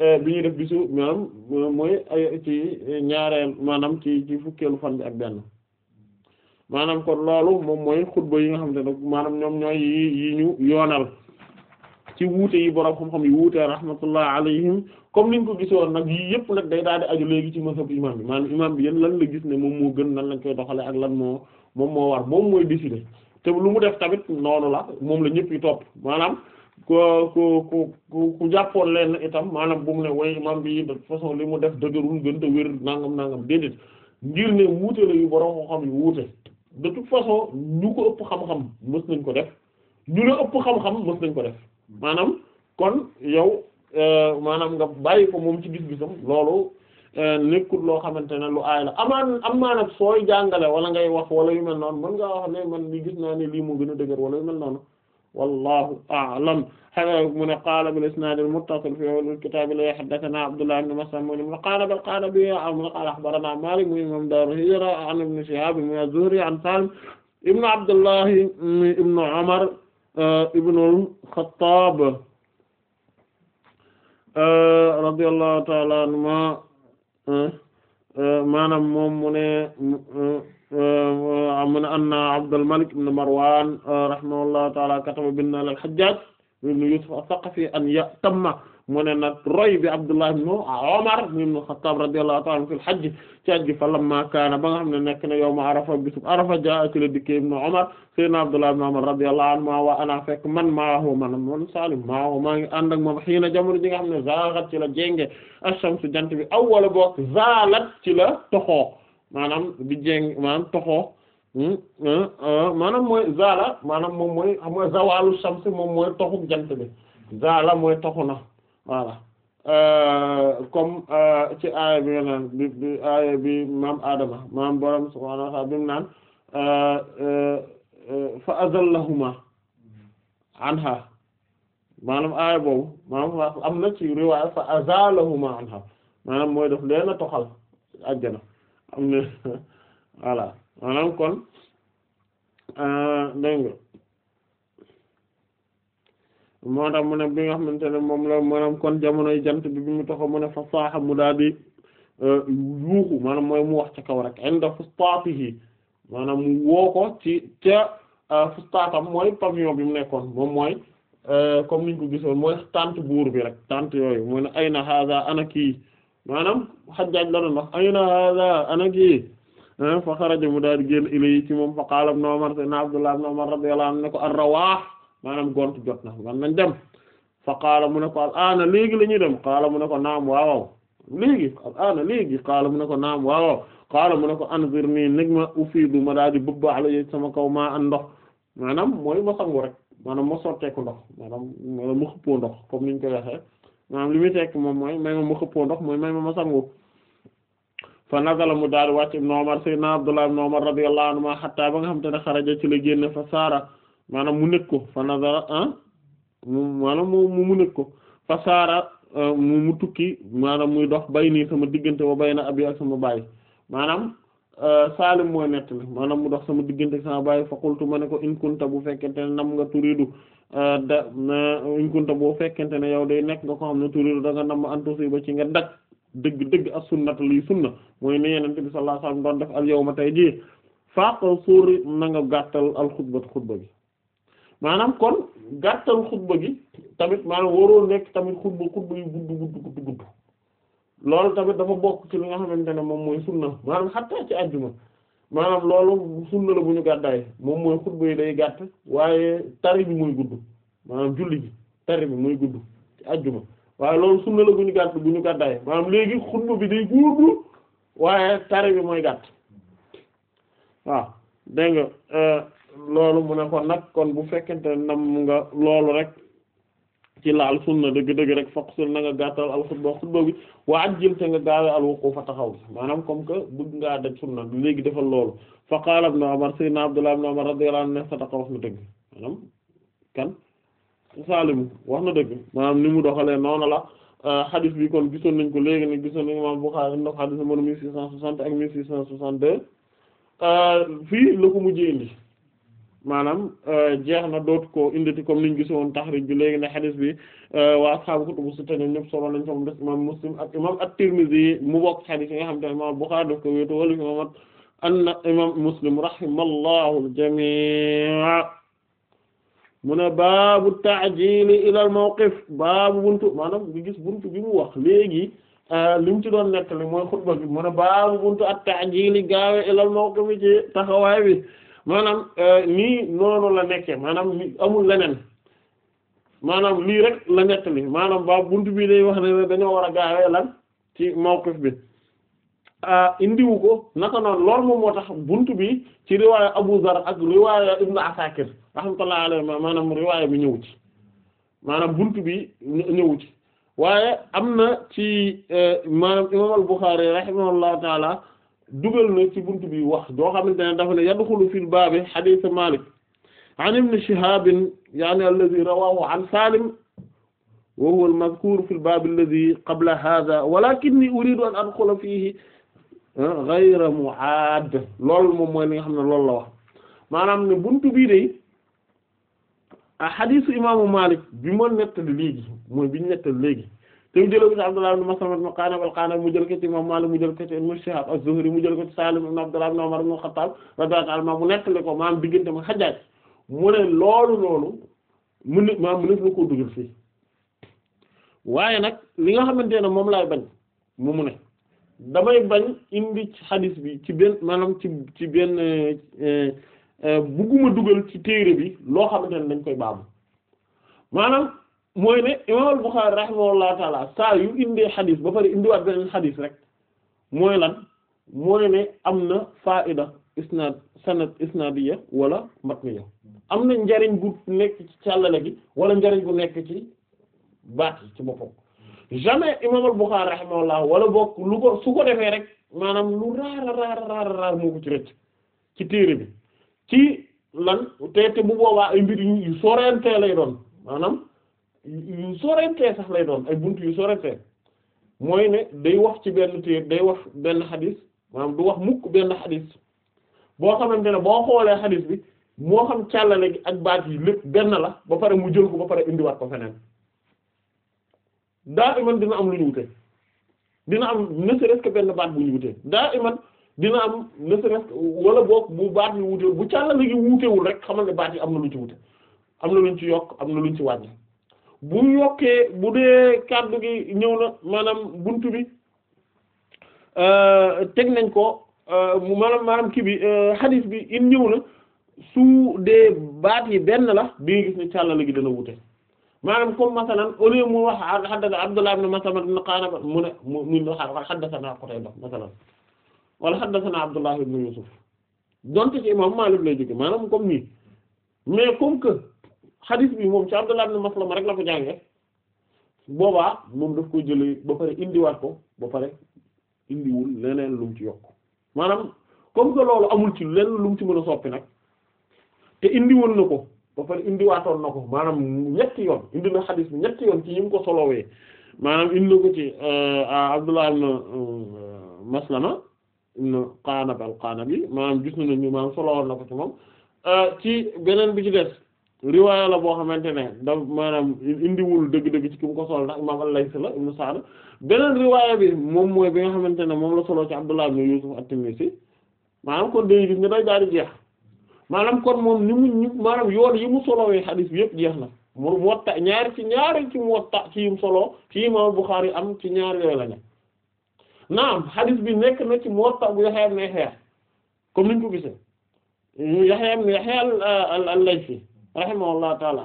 euh, bi ñuy def bisu maanaam euh, mooy ci euh, ñaareel maanaam ci ci fukkeelu fan bi ak benn maanaam kon loolu moom mooy xutba yi nga xam ne ne maanaam ñoom ñooy yi ñu yoonal ci wuute yi borom xam-xam yi wuute rahmatullah alayhim comme niñ ko gisoon nag yii yëpp nag day daal di aju léegi ci mazhab imam bi maanaam imam bi yéen lan la gis ne moom moo gën lan lañ koy doxale ak lan moo moom moo war moom mooy décider te lu mu def tamit noonu la moom la ñëpp yi topp maanaam ku ku ku ku jàppoon leen itam maanaam bu mu ne way imam bi de façon li mu def dëgërul gën te wér nangam nangam déedéet ngir ne wuute la yu borom xam yu wuute de toute façon ñu ko ëpp xam-xam mës nañ ko def ñu la ëpp xam-xam mës nañ ko def maanaam kon yow euh, maanaam nga bàyyi ko moom ci gis-gisam loolu Euh, nekkul loo xamante ne lu aay la amaan amaan nag sooy jàngale wala ngay wax wala yu mel noonu mën ngaa wax ne man li gis naa ne lii moo gën a dëgër wala yu mel noonu wallahu a'lam xanaa mu ne qaala bil isnaad al muttasil fi awwal kitaab la haddathanaa Abdullah ibn Maslama mu ne qaala bal qaala bi mu ne qaala akhbaranaa Maalik muy imaam daaru hijra an ibn Shihaab muy az-Zuhri an Saalim ibn Abdullah ibn Umar euh, ibn al-Khattaab euh, radiyallahu ta'ala anhumaa Euh, euh, maanaam moom mu ne euh, mu ne anna Abdul Malik ibn Marwan rahimahullahu ta'ala kataba binna lil Hajjaj ibn Yusuf as-Saqafi an yatamma mu ne nag roy bi Abdullah ibn Umar ibn Khattab radiyallahu ta'ala anhu fil hajj ci hajj fa lamma kaana ba nga xam ne nekk na yawma arafa bisub arafa jaa ci la dikkee ibn Umar sayyidina Abdullah ibn Umar radiyallahu anhu ma wa ana fekk man maahu man man salim maahu maa ngi ànd ak moom xiina jamono ji nga xam ne zaalat ci la jénge ash-shamsu jant bi awwala boog zaalat ci la toxoo maanaam bi jéng maanaam toxoo hmm, eh, eh, maanaam mooy zaala maanaam moom mooy xam nga zawaalu shams moom mooy toxu jant bi zaala mooy toxu na voilà euh, comme euh, ci aaya bi nga maam Adama maam borom subhaanahu wa ta'aala naan euh, fa azallahuma anha maanaam aaya boobu maanaam am na ci riwaaya fa azalahuma anha maanaam mooy def leen toxal àjjana am na kon dégg moo tax mu ne bi nga xamante ne moom la maanaam kon jamonoy jant bi bi mu taxaw mu ne fa saaxa mu daal di euh, yuuxu maanaam mooy mu wax ca kaw rek inda fustaatihi maanaam mu woo ko ci ca euh, fustaatam mooy pavillon bi mu nekkoon moom mooy euh, comme niñ ko gisoon mooy tante buur bi rek tant yooyu mu ne ayna haza ana kii maanaam Hajjaaj la doon wax ayna haza ana fa xaraja mu daal di génn ilay ci moom fa qaala ibn Umar ibn Abdullah ibn Umar radiyallahu maanaam gont jot na man nañ dem fa qaala mu ne ko al aana léegi la ñuy dem qaala mu ne ko naam waawaw léegi al aana léegi qaala mu ne ko naam waawaw qaala mu ne ko anzirnii nag ma ufiidu ma daal di bëbba ala sama kaw maa an ndox maanaam mooy ma sangu rek maanaam ma sotteeku ndox maanaam ma xëppoo ndox comme niñ koy waxee maanaam li muy tekk moom mooy may ma ma xëppoo ndox mooy may ma ma sangu fa nazala mu daal di wàcc ibn Umar sayyidina Abdullah ibn Umar radiyallahu anhu hatta ba nga xam te ne xaraja ci la génn fa saara maanaam mu nekk ko fa nazara ah, maanaam mu mu nekk ko fa saara ah, mu mu tukki maanaam muy dox bay nii sama diggante wa bay na abi ak sama baay maanaam ah, Saalim mooy nettali maanaam mu dox sama diggante ak sama baay fa qultu ma ne ko in kunta bu fekkente ne nam nga turidu da in kunta boo fekkente ne yow day nekk nga ko xam ne turidu da nga nam antusi ba ci nga dak dëgg dëgg as sunnata liy sunna mooy ne yenente bi sallallahu alayhi wasallam doon def al ma tey jii faaq suuri na nga gàttal al xutbat xutba bi maanaam kon gàttal xutba gi tamit maanaam waroo nekk tamit xutba xutba yu gudd gudd gudd loolu tamit dafa bokk ci li nga xamante ne moom mooy sunna maanaam xattaa ci àjjuma maanaam loolu sunna la bu ñu gàddaay moom mooy xutba yi day gàtt waaye tari bi muy gudd maanaam julli bi tari bi muy gudd ci àjjuma waaye loolu sunna la bu ñu gàtt bu ñu gàddaay maanaam léegi xutba bi day gudd waaye tari bi mooy gàtt waaw dégg euh, loolu mu ne ko nag kon bu fekkente nam nga loolu rek ci laal sunna dëgg-dëgg rek fokk sur na nga gàttal alxutba xutba bi waa ak jël te nga gaawe alwuqufa taxaw bi maanaam comme que bëgg ngaa daj sunna léegi defal loolu fa qaala ibn Umar sayyidina Abdullah ibn Umar radiyallahu anhu ne sadaqa wax na dëgg maanaam kan saalimu wax na dëgg maanaam ni mu doxalee noonu la euh, xadis bi kon gisoon nañ ko léegi ne gisoon nañ imam Bukhari na ko xadis numéro mille six cent soixante ak mille six cent soixante-deux euh, fii la ko mujjee indi maanaam euh, jeex na dootu ko inditi comme niñ gis woon taxrij bi léegi ne xadis bi euh, waa ashaabu kutubu sitta ñoom ñëpp solo nañ fam des muslim ak imam at-tirmidhi mu bokk xadis yi nga xam te imam bukhari daf ko wéetu wala imam anna imam muslim rahimallahu al-jamii mu ne baabu ta'jili ila al-mawqif baabu buntu maanaam bi gis buntu bi mu wax léegi euh, li mu ci doon nettali mooy xutba bi mu ne baabu buntu at-ta'jili gaawe ila mawqif ci taxawaay bi maanaam euh, nii noonu la nekkee maanaam amul leneen maanaam lii rek la nettali maanaam ba bunt bi day wax ne dañoo war a gaawee lan ci mawqif bi indiwu ko naka noonu loolu moom moo tax bunt bi ci riwaaya Abu Zar ak riwaaya Ibn Asakir rahmatullahi alayhi maanaam riwaaya bi ñëwu ci maanaam bunt bi ñëwu ci waaye am na ci euh, maanaam imaam al-Bukhari rahimahullahu taala dugal na ci buntu bi wax doo xamante ne dafa ne yadxulu fil baabi hadith Malik an ibn Shihab yaani alladhi rawahu an Salim wa huwa al-mazkur fil baabi alladhi qabla hadha walakinni uridu an adkhula fihi ghayra mu'aad loolu moom mooy li nga xam ne loolu la wax maanaam ne buntu bii de a ah, hadithu imaamu Malik bi ma nettali léegi mooy bi ñu nettali léegi te mu jëlee ko ci Abdullah ibn Mas'ud ibn Qanab al-Qanabi mu jël ko ci imam Malik mu jël ko ci Ibn Shihab az-Zuhri mu jël ko ci Salim ibn Abdullah ibn Umar ibn al-Khattab radiyallahu anhu mu nettali ko maam diggante ma Hajjaj mu ne loolu loolu mu ne maam mu nekk na koo dugal fii waaye nag li nga xamante ne moom laay bañ mu mu ne damay bañ indi ci xadis bi ci benn maanaam ci ci benn euh, euh, bugguma dugal ci téere bi loo xamante ne dañ koy baamu maanaam mooy ne imam al-Bukhari rahimahullahu taala saa yu indee xadis ba pare indiwaat beneen xadis rek mooy lan mooy ne am na faida isnaad sanad isnaadiya wala matniya am na njariñ bu nekk ci càllale gi wala njariñ bu nekk ci baat yi ci boppam jamais imam al-Bukhari rahimahullah wala bokk lu ko su ko defee rek maanaam lu raara raara raar moo ko ci rëcc ci téere bi ci lan te te bu boobaa ay mbir yu sorente lay doon maanaam yu sorentee sax lay doon ay bunt yu sorentee mooy ne day wax ci benn téer day wax benn xadis maanaam du wax mukk benn xadis boo xamante ne boo xoolee xadis bi xam càllale gi ak baat yi lépp benn la ba pare mu jël ko pare indiwaat ko feneen daa iman dina am lu ñu wute dina am ne serait-ce que benn baat bu ñu wute daa iman dina am ne serait-ce que bu baat yi wute bu càllale gi wutewul rek xamal ne baat yi am na lu ci wute am na luñ ci yokk am na luñ ci wàññi bu yokkee bu dee kàddu gi ñëw na maanaam bunt bi euh, teg nañ ko euh, maanaam maanaam kii bi euh, hadith bi in ñëw na su dee baat yi benn la bi nga gis ne càllala gi dana wute maanaam comme masalan au lieu mu wax haddatha Abdullah ibn Maslama ibn Qanab mu ne mu ne haddathana Qutayba masalan wala haddathana Abdullah ibn lay jóge maanaam comme nii mais comme que xadis bi moom ci Abdullah ibn Maslama rek la ko jànge boobaa moom daf ko jëlee ba pare indiwaat ko ba pare indiwul leneen lu mu ci maanaam comme que loolu amul ci lenn lu ci mën a soppi nag te indiwoon na ko ba pare indiwaatoon na ko maanaam ñetti yoon indi na bi ñetti yoon ci mu ko solowee maanaam indi na ko ci euh, Abdullah ibn euh, Maslama ibn Qanab al-Qanabi maanaam gis nañu maanaam solowoon na ko ci moom euh, ci beneen bi ci des. riwaaya la boo xamante ne da maanaam indiwul dëgg-dëgg ci ki mu ko sol ndax imaam al-Layth la ibnu Sa'd beneen riwaaya bi moom mooy bi nga xamante ne moom la solo ci Abdullah ibn Yusuf at-Tinnisi maanaam kon day gis daal di jeex maanaam kon moom ni mu maanaam yoon yi mu solowee xadiis bi yëpp jeex na mu Muwatta ñaari ci ñaari ci Muwatta ci yim solo ci imaam Bukhari am ci ñaari yooyu la ne naam xadiis bi nekk na ci Muwatta bu Yahya ibn Yahya comme niñ ko gisee Yahya ibn Yahya al-Laythi rahimahullahu taala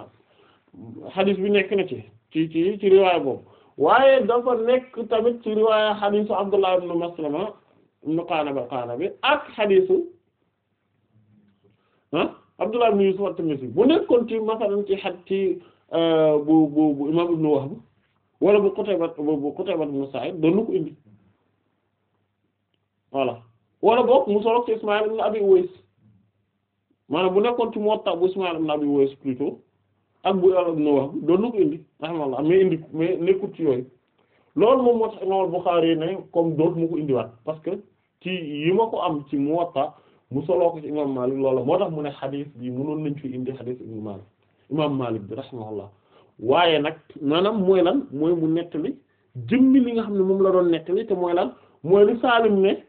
xadis bi nekk na ci ci ci riwaaya boobu waaye dafa nekk tamit ci riwaaya xadisu Abdullah ibn Maslama ibn Qanab ak xadisu ah, Abdullah ibn Yusuf at-Tinnisi bu nekkoon ci masalan ci xaj ci euh, bu bu bu imam ibn Wahb wala bu Qutayba bu Qutayba ibn Sa'id doon na ko indi wala boog mu solo ci Ismaïl ibn Abi Uways maanaam bu nekkoon ci Muwatta bu Ismaïl ibn Abi Uways plutôt ak bu Yàlla ibn Wahb doon na ko indi rahimahullah mais indi mais nekkul ci yooyu loolu moom moo tax Imam Bukhari ne comme parce que ci yi ma ko am ci Muwatta mu soloo ko ci imam Malik moo tax mu ne xadis bi mënoon nañ fi indi xadis ibn Malik imam Malik bi rahimahullah waaye nag maanaam mooy lan mooy mu nettali jëmmi li nga xam ne moom la doon nettali te mooy lan mooy li Saalim ne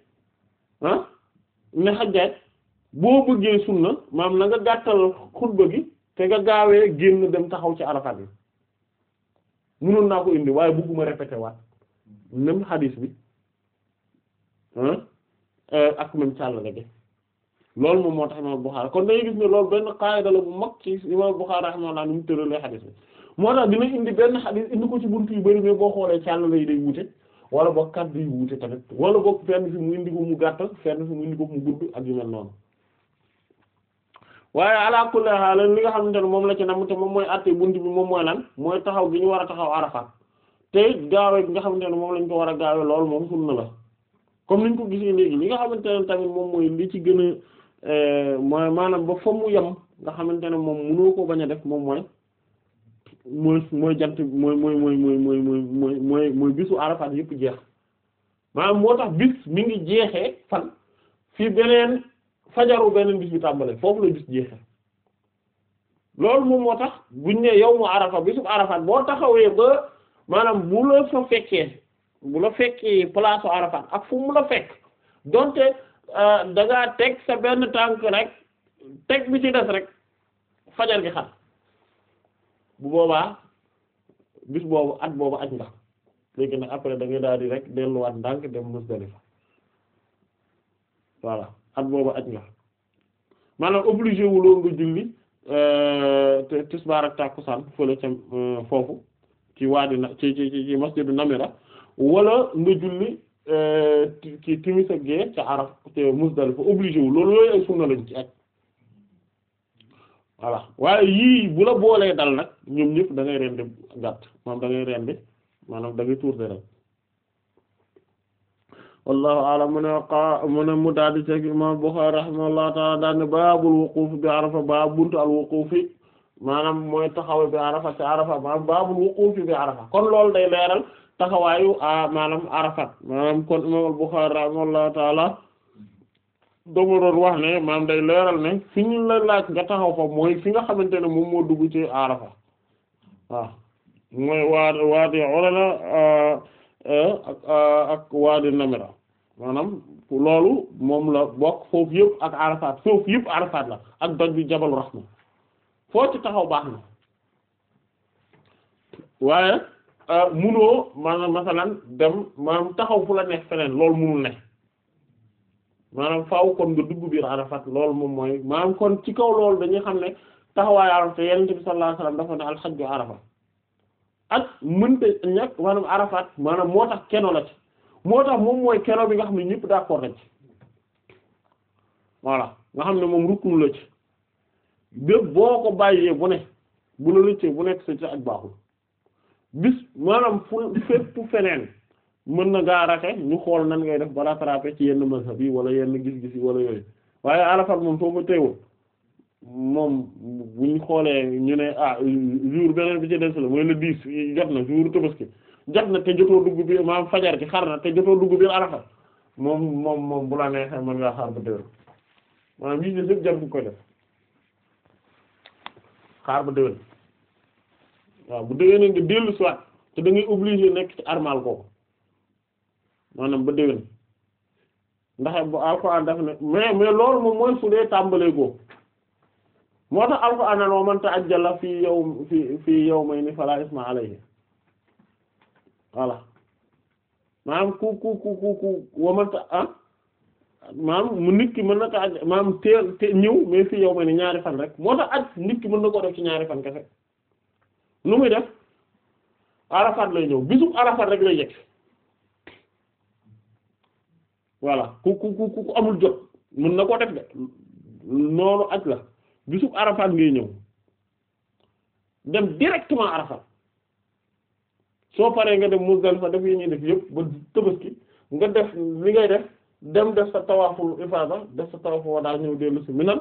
ah, ne Hajjaj boo bëggee sunna maam na nga gàttal xutba gi te nga gaawee génn dem taxaw ci arafat bi mënoon naa ko indi waaye bëgguma répété waat même xadiis bi euh, ak même càll rek loolu moom moo tax imaam Buxaari kon dañuy gis ne loolu benn qaayida bu mag ci imaam Buxaari rahimahullah ni mu tëralee xadiis bi moo tax dina indi benn xadiis indi ko ci buntu yu bari mais boo xoolee càll yi day wute wala boog kàddu yu wute tamit wala boog fenn fi mu indi ko mu gàttal fenn fi mu mu gudd ak yu mel noonu waaye ala la haal li nga xamante ne moom la ci nam te moom mooy atte bunt bi moom mooy lan mooy taxaw gi ñu war a taxaw Arafat te gaawe bi nga xamante ne moom lañ ko war a gaawe loolu moom sunna la comme niñ ko gisee léegi li nga xamante ne tamit moom mooy li ci gën a eh, mooy maanaam ba fa mu yem nga xamante ne moom mënoo ko bañ a def moom mooy mooy mooy jant mooy mooy mooy mooy mooy mooy mooy mooy bisu Arafat yëpp jeex maanaam moo tax bis mi ngi jeexee fan fi beneen fajaru beneen bis bi tàmbale foofu la bis jeexe loolu moom moo tax bu buñ ne yow mu arafa bisub arafat boo taxawee ba maanaam bu la fa fekkee bu la fekkee place arafat ak fu mu la fekk donte euh, da ngaa teg sa benn tànk rek teg bi ci des rek fajar gi xar bu boobaa bis boobu at boobu aj nga léegi nag après da ngay daal di rek delluwaat ndànk dem Musdalifa voilà at boobu aj nga maanaam obligé wu loo nga julli euh, te tisbaar ak tàkkusaan fële ca euh, foofu ci waadi na ci ci ci masjidu Namira wala nga julli euh, ci timis ak gee ca Araf te Muzdalifa obligé wu loolu yooyu ay sunna lañ ci aj voilà waaye yii bu la boolee dal nag ñoom ñëpp da ngay rendi gàtt maanaam da ngay rendi maanaam da ngay tuur deret wallahu a'lam mu ne mu ne mu daal di teg imam Bukhari ta'ala daal baabul wuquuf bi arafa baab buntu al wuquufi maanaam mooy taxaw bi arafa ci arafa maanaam baabul wuquufi bi arafa kon loolu day leeral taxawaayu a maanaam arafat maanaam kon imam al Bukhari rahimahullahu ta'ala dama wax ne maam day leeral ne fi ñu la laaj nga taxaw fa mooy fi nga xamante ne moom moo dugg ci arafa waaw mooy waa waadi olala Euh, ak euh, ak waadi namira maanaam loolu moom la bokk foofu yëpp ak arafat foofu yëpp arafat la ak doj bi jabalu raxma foo ci taxaw baax na waaye euh, munoo maanaam masalan dem maanaam taxaw fu la neex feneen loolu munul ne maanaam faaw kon nga dugg biir arafat loolu moom mooy maanaam kon ci kaw loolu dañuy xam ne taxawaayu arafat yonent bi sallallahu alayhi wasallam dafa ne alxajju arafa ak mënta ñàkk maanaam Arafat maanaam moo tax keno la ci moo tax moom mooy keno bi nga xam ne ñëpp d'accord nañ ci voilà nga xam ne moom ruknu la ci bépp boo ko bàyyee bu ne bu la rëccee bu nekk sa ci ak baaxul bis maanaam fu fépp feneen mën na gaa rate ñu xool nan ngay def ba rattraper ci yenn mazhab yi wala yenn gis-gis yi wala yooyu waaye Arafat moom foo ma teewul moom bu ñu xoolee ñu ne ah jour beneen bi ci des la mooy le dix jot na jour tabaski jot na te jotoo dugg bi maam fajar ci xar na te jotoo dugg bi arafa moom moom moom bu la neexee mën ngaa xaar ba déwén maanaam lii des yëpp jar bu ko def xaar ba déwén waaw bu déwénee nga te da ngay obligé nekk ci armal kooku maanaam ba déwén ndax bu alxuraan daf mais mais loolu moom mooy su dee tàmbalee ko. moo tax alquran nan wa man ta'ajjala fii yow fii fii yawmayni fala isma alayhi voilà maanaam ku ku ku ku ku wa ah maanaam mu nit ki mën na ta maanaam teel te ñëw mais fii yawmayni ñaari fan rek moo tax at nit mën na koo def ci ñaari fan kese nu muy def arafat lay ñëw bisub arafat rek lay yegg voilà ku ku ku ku amul jot mën na koo def de noonu aj la bisub Arafat ngay ñëw dem directement Arafat soo paree nga dem Muzdalifa def yi ñuy def yëpp ba Tabaski nga def li ngay def dem def sa tawaaful ifaada def sa tawaaful wadaa ñëw dellu si Minan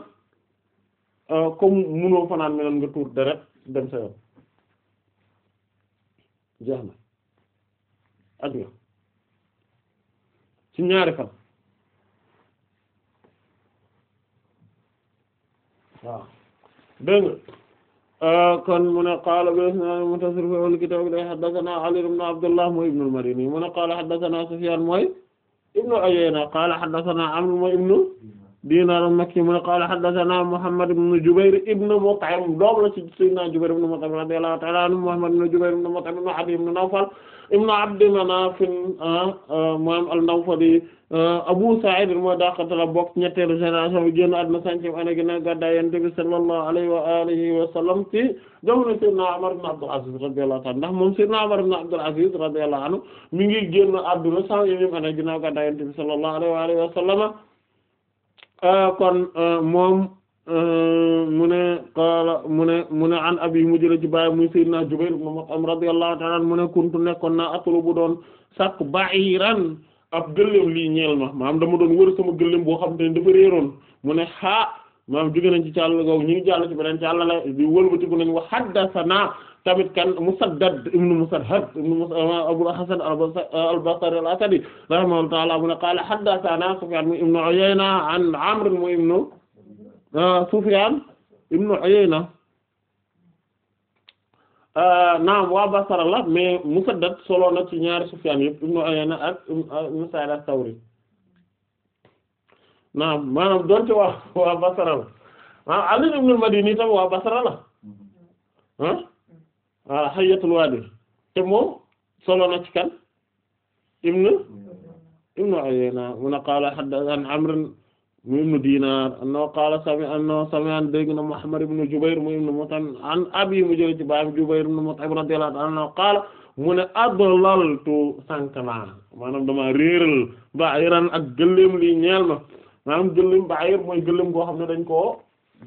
euh, comme munoo fanaan Minan nga tuur deret dem sa yoon jeex na ak nga ci ñaari fan waaw dégg nga euh, kon mu ne qaala bi mutasir fi al kitab la haddathana Ali ibn Abdullah mooy ibn al-Madini mu ne qaala haddathana Sufyan mooy ibn Uyayna qaala haddathana Amr mooy ibn Dinar al-Makki mu ne qaala haddathana Muhammad ibn Jubayr ibn Mut'im doom la ci sayyidina Jubayr ibn Mut'im radiyallahu ta'ala anhu Muhammad ibn Jubayr ibn Mut'im ibn Habib ibn Nawfal ibn Abd Manaf ah, ah, moom al-Nawfali Euh, Abu Sa'id mooy daqatala bokk ñetteelu génération bi génn àdduna cinquième année ginnaaw gàddaay Yonent bi sallallahu alayhi wa alihi wa sallam ci jamono Seydina Umar ibn Abdul Aziz radiyallahu ta'ala ndax moom Seydina Umar ibn Abdul Aziz radiyallahu anhu mi ngi génn àdduna centième année ginnaaw gàddaay Yonent bi sallallahu alayhi wa alihi wa sallam euh, kon euh, moom mu ne qaala mu ne mu ne an abi mu jële ci bàyyi muy Seydina Jubayr ibn Mut'im radiyallahu ta'ala mu ne kuntu nekkoon naa atlubu doon sakku ba'iran ab gëléem lii ñeel ma maanaam dama doon wër sama gëléem boo xam te ne dafa réeroon mu ne xaa maanaam jóge nañ ci càll googu ñu ngi jàll ci beneen càll la di wëlbatiku nañ wa haddathana tamit kan Musaddad ibn Musaddad ibn Musaddad uh, Abul Hasan al-Basri al-Asadi rahimahullahu ta'ala mu ne qaala haddathana Sufyan ibn Uyayna an Amr ibn uh, Sufyan ibn Uyayna Euh, naam waa Basra la mais Musaddad solo na ci ñaari Sufyaan yëpp Ibnu Uyayna ak um, uh, Ibnu Sa'id as-Sawri naam maanaam donte waa waa Basra la ah Ali ibn madini tam waa Basra la ah voilà te moom solo na ci kan Ibnu Ibnu Uyayna mun a qaala haddathanaa Amr ibnu Diinaar annahu qaala sami annahu sami'a dégg na Muhammad ibnu Jubayr mu ibnu Mut'im an abi mu jëlee ci baayam Jubayr ibnu Mut'im radiyallahu anhu qaala mu ne adlaltu sànq naa maanaam damaa réeral ba'iran ak gëléem lii ñeel ma maanaam gëléem ba'ir mooy gëléem goo xam ne dañ koo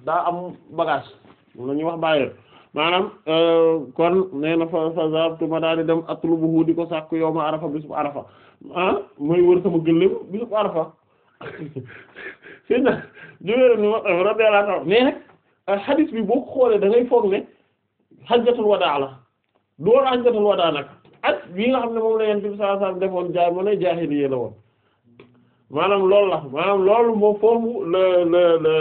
daa am bagage la ñuy wax ba'ir maanaam euh, kon nee na fa fa zaabtu ma daal di dem atlubuhu di ko sàkk yawma arafa bisub arafa ah mooy wër sama gëléem bisub arafa. Seydina Jubayr ibn Mut'im radiyallahu anhu mais nag xadis euh, bi boo ko xoolee da ngay foog ne hajjatul wadaa la door hajjatul wadaa nag ak bi nga xam ne moom la Yonent bi sallallahu alayhi wasallam defoon jaay ma ne jaahiliya la woon maanaam loolu la maanaam loolu moo foofu la la la.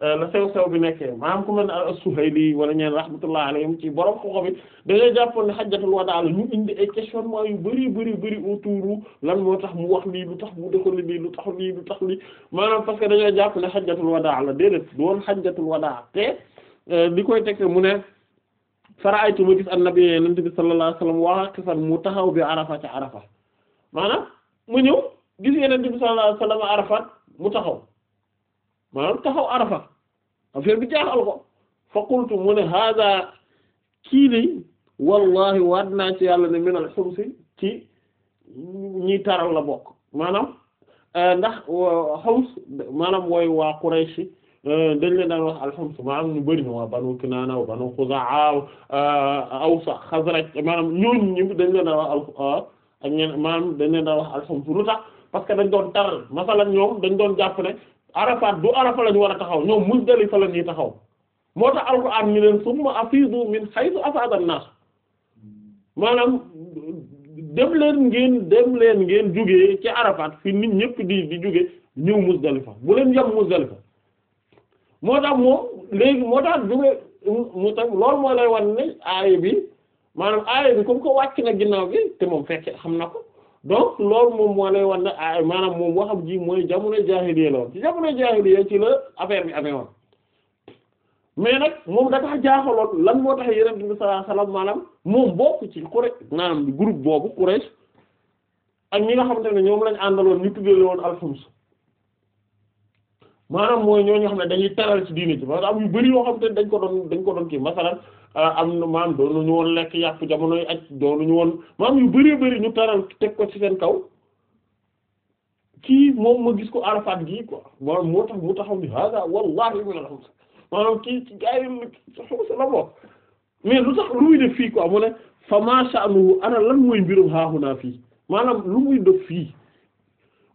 Euh, la sew-sew bi nekkee maanaam ko mel ne as-Suhayli wala ñeen rahmatullah alayhim ci borom ko xobit da ngay jàppoon ne xajjatul wadaa la ñu indi ay questionnement yu bëri bëri bëri autour lan moo tax mu wax lii lu tax mu defal lii lu tax lii lu tax lii maanaam parce que dañoo jàpp ne xajjatul wadaa la déedéet doon xajjatul wadaa te euh, li koy tekk mu ne fara'aytu ma gis annabi yonent bi sallallahu alayhi wasallam waaqifan mu taxaw bi arafa ci arafa maanaam mu ñëw gis yonent bi sallallahu alayhi wasallam arafat mu taxaw maanaam taxaw arafa affaire bi jaaxal ko fa qultu mu ne hada kii day wallahi waat naa ci yàlla ne minal xumsi ci ñiy taral la bokk maanaam euh, ndax xums euh, maanaam mooy waa Quraysh euh, dañ leen daan wax alxams maanaam ñu bëri na waa banu Kinaana waa banu Xuzaa Aws Xasraj maanaam ñooñu ñëpp dañ leen daan wax al ak ñenn maanaam dañ leen daan wax alxams lu tax parce que dañ doon taral masalan ñoom dañ doon jàpp ne Arafat du Arafa lañu war a taxaw ñoom Muzdalifa lañuy taxaw moo tax alxuraan mi leen summa afiidu min haythu afaada an-naas maanaam dem leen ngeen dem leen ngeen jugee ci Arafat fi nit ñëpp di jóge jugee ñëw Muzdalifa bu leen yem Muzdalifa moo tax moom léegi moo tax jugee mu tax loolu moo lay wan ne aaya bi maanaam aaya bi comme ko wàcc na ginnaaw bi te moom fekke xam na ko donc loolu moom moo lay wan ne ah maanaam moom waxam jii mooy jamono jaahiliya la woon ci jamono jaahiliya ci la affaire bi amee woon mais nag moom da tax jaaxaloon lan moo tax yonent bi sallallahu alayhi wasallam maanaam moom bokk ci Quraysh maanaam groupe boobu Quraysh ak ñi nga xamante ne ñoom lañ àndaloon ñu tuddee woon alxums maanaam mooy ñoo ñoo xam ne dañuy teral ci diini ci maanaam yu bari yoo xamante ne dañ ko doon dañ ko doon kii masalan Ah, am na maam doonuñu woon lekk yàpp jamonoy aj doonuñu woon maam yu bëree bëri ñu taral teg ko ci seen kaw kii moom ma gis ko Arafat gi quoi maanaam moo tax mu taxaw ni hada wallahi min kii gaa yi mais lu tax lu muy def fii mu ne fa ma ana lan mooy mbirum haahunaa fii maanaam lu muy def fii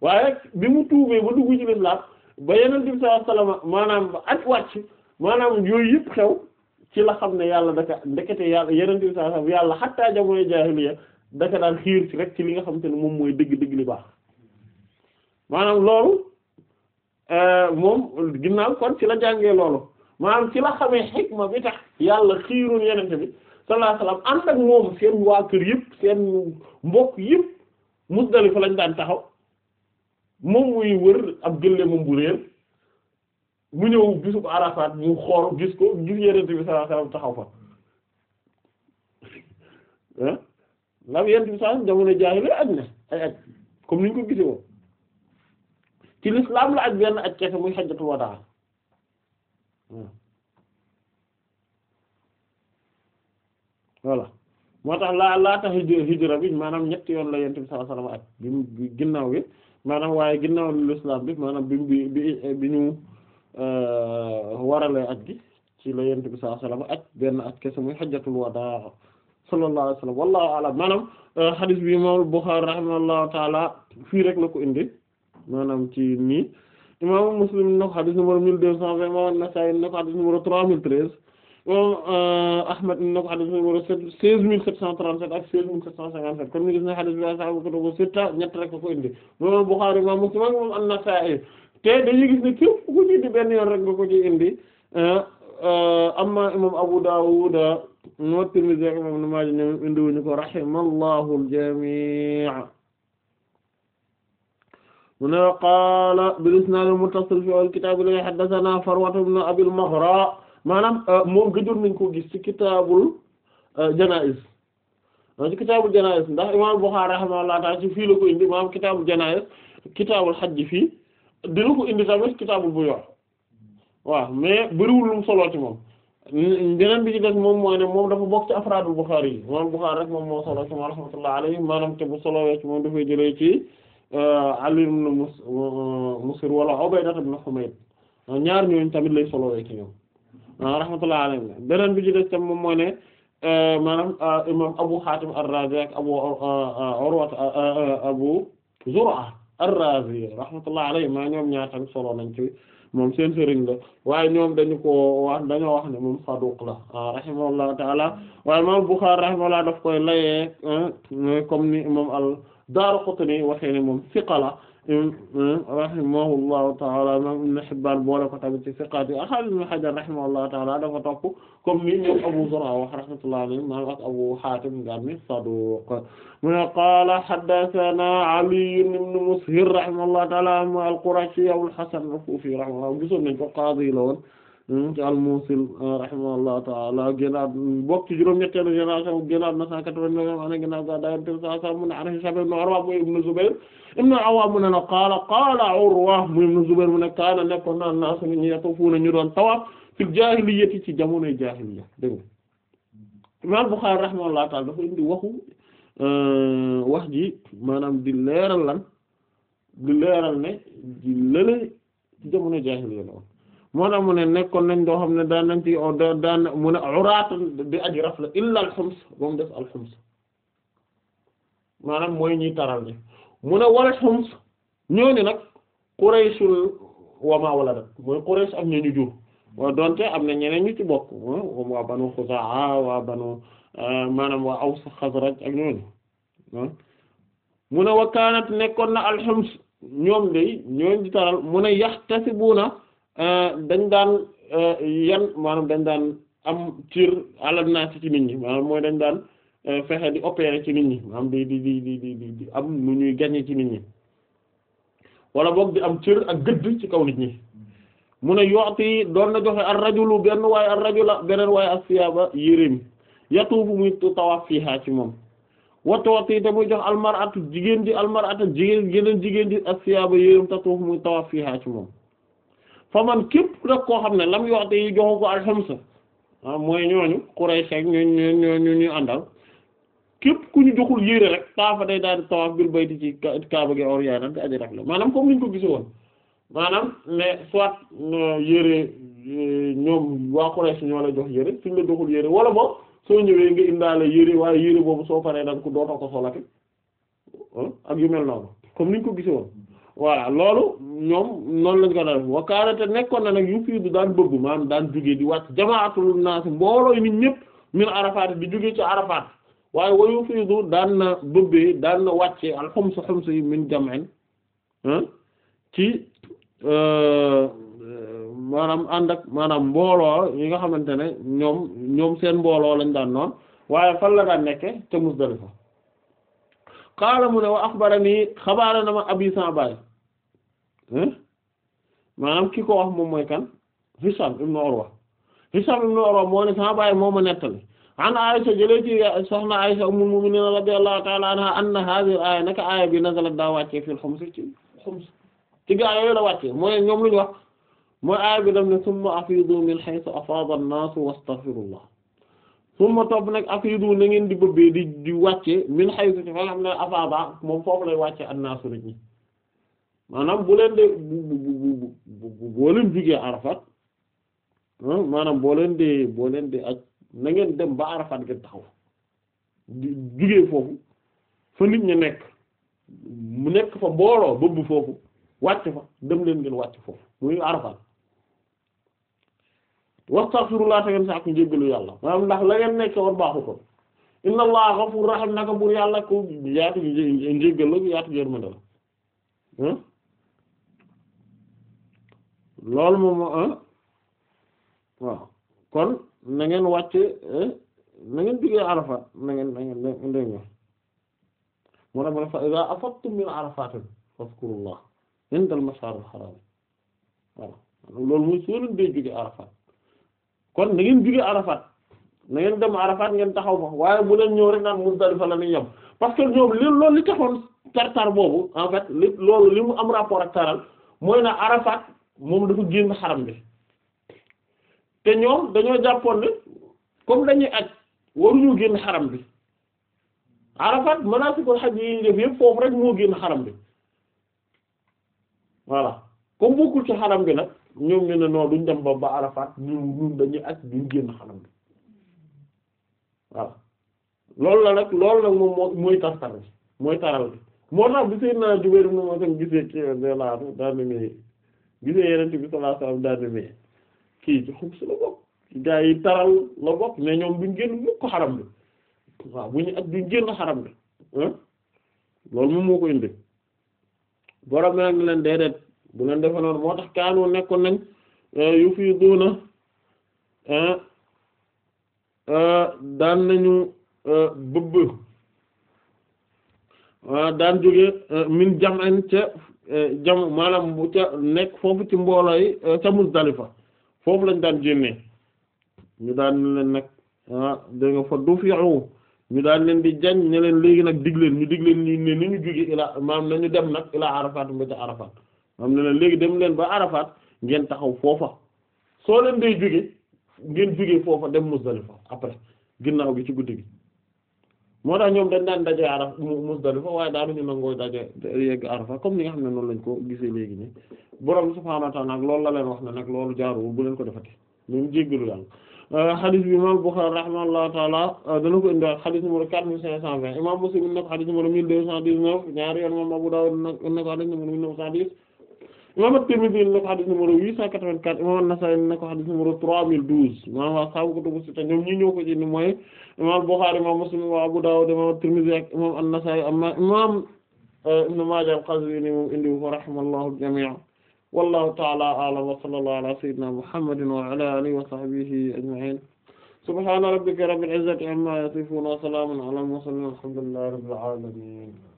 waaye bi mu tuubee ba dugg ci lislaam ba yeneen bi sallallahu alayhi maanaam ba aj wàcc maanaam yooyu yëpp xew ci la xam ne yàlla daka ndekete yàlla yeneen bi saa sax yàlla xattaa jamono da daka daal xiir ci rek ci li nga xam te ne moom mooy dëgg-dëgg li baax maanaam loolu euh, moom ginnaaw kon ci la jànge loolu maanaam ci la xamee xikma bi tax yàlla xiirul yeneen bi sallallahu alayhi wasallam ànd ak moom seen waa kër yëpp seen mbokk yëpp Muzdalifa lañ daan taxaw moom muy wër ab gëlle moom bu réer mu ñëw bisub Arafat mu xool gis ko gis yonent bi sallallahu alayhi wasallam taxaw fa ah ndax yonent bi sallallahu jamono jaahiliya aj comme ni ñu la benn aj kese muy xajjatul hmm. moo tax laa laa tax hijra bi maanaam ñetti yoon la yonent bi sallallahu alayhi wasallam bi ginnaaw bi maanaam waaye ginnaaw lislaam bi maanaam bi bi bi ñu. Euh, waralee aj gi ci la yonent bi sallallahu alayhi wa sallam aj benn aj kese muy hajjatul wadaa sallallahu alayhi wa sallam wallahu a'lam maanaam euh, hadith bi imam Bukhari taala fii rek la ko indi maanaam ci nii imam Muslim na ko hadith numéro mille deux cent vingt imam An-Nasa'i na ko hadith numéro trois mille treize imam euh, Ahmad na ko hadith numéro seize mille sept cent trente-sept ak seize mille sept cent cinquante-sept kon ñu gis ne hadith bi ashaabu kutubu sitta ñett rek la indi imam Bukhari te dañuy gis ne képp ku ci di benn yoon rek nga ko ci indi eh, eh, amma imam Abu Dawud wa Tirmidhi ak imam Ibn Maaja ñoom indiwuñu ko rahimallahu al-jamii' mu ne qaala bil-isnaad al-muttasil fi al-kitaab li haddathanaa Farwa ibn Abil Maghra maanaam eh, moom gëjoon nañ ko gis ci kitaabul janaa'iz ci kitaabul janaa'iz ndax imam Bukhari rahimahullahu ta'ala ci fii la ko indi maanaam kitaabul janaa'iz kitaabul hajj fii dina ko indi tamit kitaabul bu yor waaw mais bëriwul lu solo ci moom beneen bi ci des moom mooy ne moom dafa bokk ci afraadul Buxaari yi moom Buxaari rek moom moo solo ci moom rahmatullah alayhi maanaam te bu moom dafay jëlee ci euh, Ali ibn euh, Musir wala ñaar ñooñu tamit lay solowee ci ñoom ah, rahmatullah alayhi beneen bi ci des tam moom mooy ne euh, maanaam Abu Xaatim ar-Raazi Abu Abu Zur'a ar-Razi rahmatullah alayhi maa ñoom ñaar tamit solo nañ ci moom seen sëriñ la waaye ñoom dañu ko wax dañoo wax ne moom saduq la ah, rahimahullahu taala waaye imaam Bukhari rahimahullah daf koy layee ah, comme ni moom al-Daraqutni waxee ne moom siqa la rahimahullahu taala imam Ibn Hibban boole ko tamit ci siqaat yi axal Ibn Hajar rahimahullahu taala dafa topp comme ni ñoom Abu Zur'a wax rahmatullahi alayhi maam ak Abu Hatim ngan mi saduq mu ne qaala haddathana Ali ibn Mushir rahimahullahu taala al-Qurashi Abul Hasan al-Kufi rahimahullah gisoon nañ ko qaadi la woon Hmm? ci al-Musil ah, rahimahullahu ta'ala génnaat bokk ci juróom-ñetteelu génération génnaat na 189 ana ginnaaw ga daante sa sa mun ana Hisham ibn Urwa mu ibn Zubayr ibn Awwam mu ne na qaala qaala Urwa mu ibn Zubayr mu ne kaana nekkoon na naasu ñu yatuufuuna ñu doon tawaaf fil jaahiliyyati ci jamonoy jaahiliyya dégg nga Imam Bukhari rahimahullahu ta'ala dafa indi waxu ah, wax ji maanaam di leeral lan di leeral ne di lële ci jamono jaahiliyya la woon moo tax mu ne nekkoon nañ doo xam ne daan nañ ci daan mu ne uraatan di aji raf la illa alxums ba mu def alxums maanaam mooy ñuy taral ni mu ne wala xums ñoo ni nag qurayshul am na ñu jur waa donte am na euh, nekkoon na alxums ñoom de ñooñ di taral mu ne yaxtasibuna Euh, dañ daan euh, yan maanaam dañ daan am cir alal naa ci ci nit ñi maanaam mooy dañ daan euh, fexe di opérer ci nit ñi maanaam di di di di am nu ñuy gagner ci nit ñi wala boog di am cir ak gëdd ci kaw nit ñi mu ne yooti doon na joxe ar rajulu benn waaye ar rajula beneen waaye ak siyaaba yéréemi yatuufu muy tawaaf fiihaa ci moom wattooti te muy jox almaratu jigéen ji almaratu jigéen geneen jigéen ji ak siyaaba yéréem tatuufu muy tawaaf fiihaa ci moom fa man képp nag koo xam ne lam yoo te yi joxu ko alxamsa ah mooy ñooñu Quraysh ak ñooñu ñooñu ñu àndal képp ku ñu joxul yére rek taafa day daal di tawaaf bay bayti ci kaaba gi or nag la maanaam comme niñ ko gise woon maanaam ne soit euh, yére euh, ñoom waa Quraysh ñoo la jox yére suñ la joxul yére wala boog soo ñëwee nga indaale yére waaye yére boobu soo paree danga ko dootoo ko solati ah, yu mel noonu comme niñ ko gise woon voilà loolu ñoom noonu lañ ko daan wa nekkoon na nag yu fii du daan bëgg maanaam daan jóge di wàcc jamaatul naas mbooloo nit ñëpp min Arafat di jóge ci Arafat waaye wa fii du daan na bëbbee daan na wàccee al xums xums yi min jam'in ah, ci euh, maanaam ànd ak maanaam mbooloo yi nga xamante ne ñoom ñoom seen mbooloo lañ daan noon waaye fan la daan nekke ca Musdalifa qaala mu ne wa axbarani xabaara na ma abi sama baay hmm? maanaam ki ko wax moom mooy kan Hisham ibn Urwa Hisham ibn Urwa moo ne sama baay moo ma nettali an Aisha jëlee ci soxna Aisha ummul mu'minin radiyallahu ta'ala anha anna hadhihi al-aaya naka aaya bi nazalat daa wàccee fil xoms ci xoms ci gaa yooyu la wàccee mooy ñoom lu ñu wax mooy aaya bi dam ne summa afiidu min haythu afaada an-naas wastaghfirullah ma topp nag ak yidu na ngeen di bëbbee di di wàcce min haythu fa nga xam ne afaaba moom foofu lay wàcce annaasu naa ñi maanaam bu leen de boo leen ah, maanaam boo leen de boo leen de ak na dem ba arafat ngeen taxaw di jugee foofu fa nit ñi nekk mu nekk fa mbooloo bëbb foofu wàcc fa dem leen ngeen wàcc foofu muy arafat wastaghfirullah te ngeen sàkku njéggalu yàlla maanaam ndax la ngeen nekke woon baaxu ko inna allaha ghafurur rahim naka buur yàlla ko yaatu njéggal la yaatu yërmande la hmm? loolu moom hmm? waaw kon na ngeen wàcce hmm? na ngeen jógee Arafat na ngeen na ngeen dégg nga moo tax ma fa iza afadtum min arafatin fazkurullah indal mash'aril haram waaw loolu soo leen dee jógee kon na ngeen jugee Arafat na ngeen dem Arafat ngeen taxaw fa waaye bu leen ñëw rek naan Muzdalifa la ñuy yem parce que ñoom li loolu li taxoon tartar boobu en fait li loolu li mu am rapport ak taral mooy na Arafat moom dafa génn xaram bi te ñoom dañoo jàppoon ne comme dañuy aj waruñu génn xaram bi Arafat manasikul hajj yi ñu def yëpp foofu rek moo génn xaram bi voilà comme bokkul ci xaram bi nag. ñoom ñu ne non duñ dem ba ba Arafat dañuy ak duñ génn xanam bi voilà loolu la nag loolu nag moom mooy tar mooy taral bi moo tax bi Seydina Jubayr ibn Mut'im gisee ci gisee kii la bokk gaa yi taral la bokk mais ñoom duñ génn mukk ko xaram bi waaw bu ak duñ génn xaram bi loolu moom moo ko indi borom nag leen déedéet bu leen defe noonu moo tax kaanu nekkoon nañ eh, yu fii duuna eh, eh, daan nañu bëbb daan jóge min jam en ca jam maanaam bu ca nekk foofu ci mbooloo yi ca Muzdalifa foofu lañ daan génnee ñu daan leen nag ah, da nga fa du ñu daan leen di jañ ne leen léegi nag dig leen ñu dig leen ñu ne ni ñu jóge ilaa maanaam nañu dem nag ilaa Arafat ba ca Arafat am na léegi dem leen ba arafaat ngeen taxaw foofa soo leen day jóge ngeen jóge foofa dem Muzdalifa après ginnaaw gi ci guddi gi moo tax ñoom dañ daan daje Arafat Muzdalifa waaye daanuñu nangoo daje yegg Arafat comme ni nga xam ne noonu lañ ko gisee léegi nii borom subhaanahu wa ta'aala nag la leen wax ne nag loolu jaaruwul bu leen ko defati ñoom jéggalu yàlla. Euh, xadis bi imam Bukhari rahimahullahu taala mille deux cent dix-neuf ñaari yoon imam Abu Dawud na ko xadis numéro mille neuf cent dix imam at-Tirmidhi indi na ko xadis numéro 884 imam an-Nasa'i indi na ko xadis numéro 3012 maanaam waa saabu kutubu sitta ñoom ñi ñoo ko ci ni mooy imam al-Bukhari imam Muslim wa Abu Dawud imam at-Tirmidhi ak imam an-Nasa'i amma imam uh, Ibn Majah al-Qazwini moom indi wu fa rahimallahu jami'an wallahu ta'ala a'lam wa sallallahu ala sayyidina Muhammadin wa ala alihi wa sahbihi ajma'in subhana rabbika rabbil izzati amma yasifun wa salamun ala al-mursalin walhamdulillahi rabbil alamin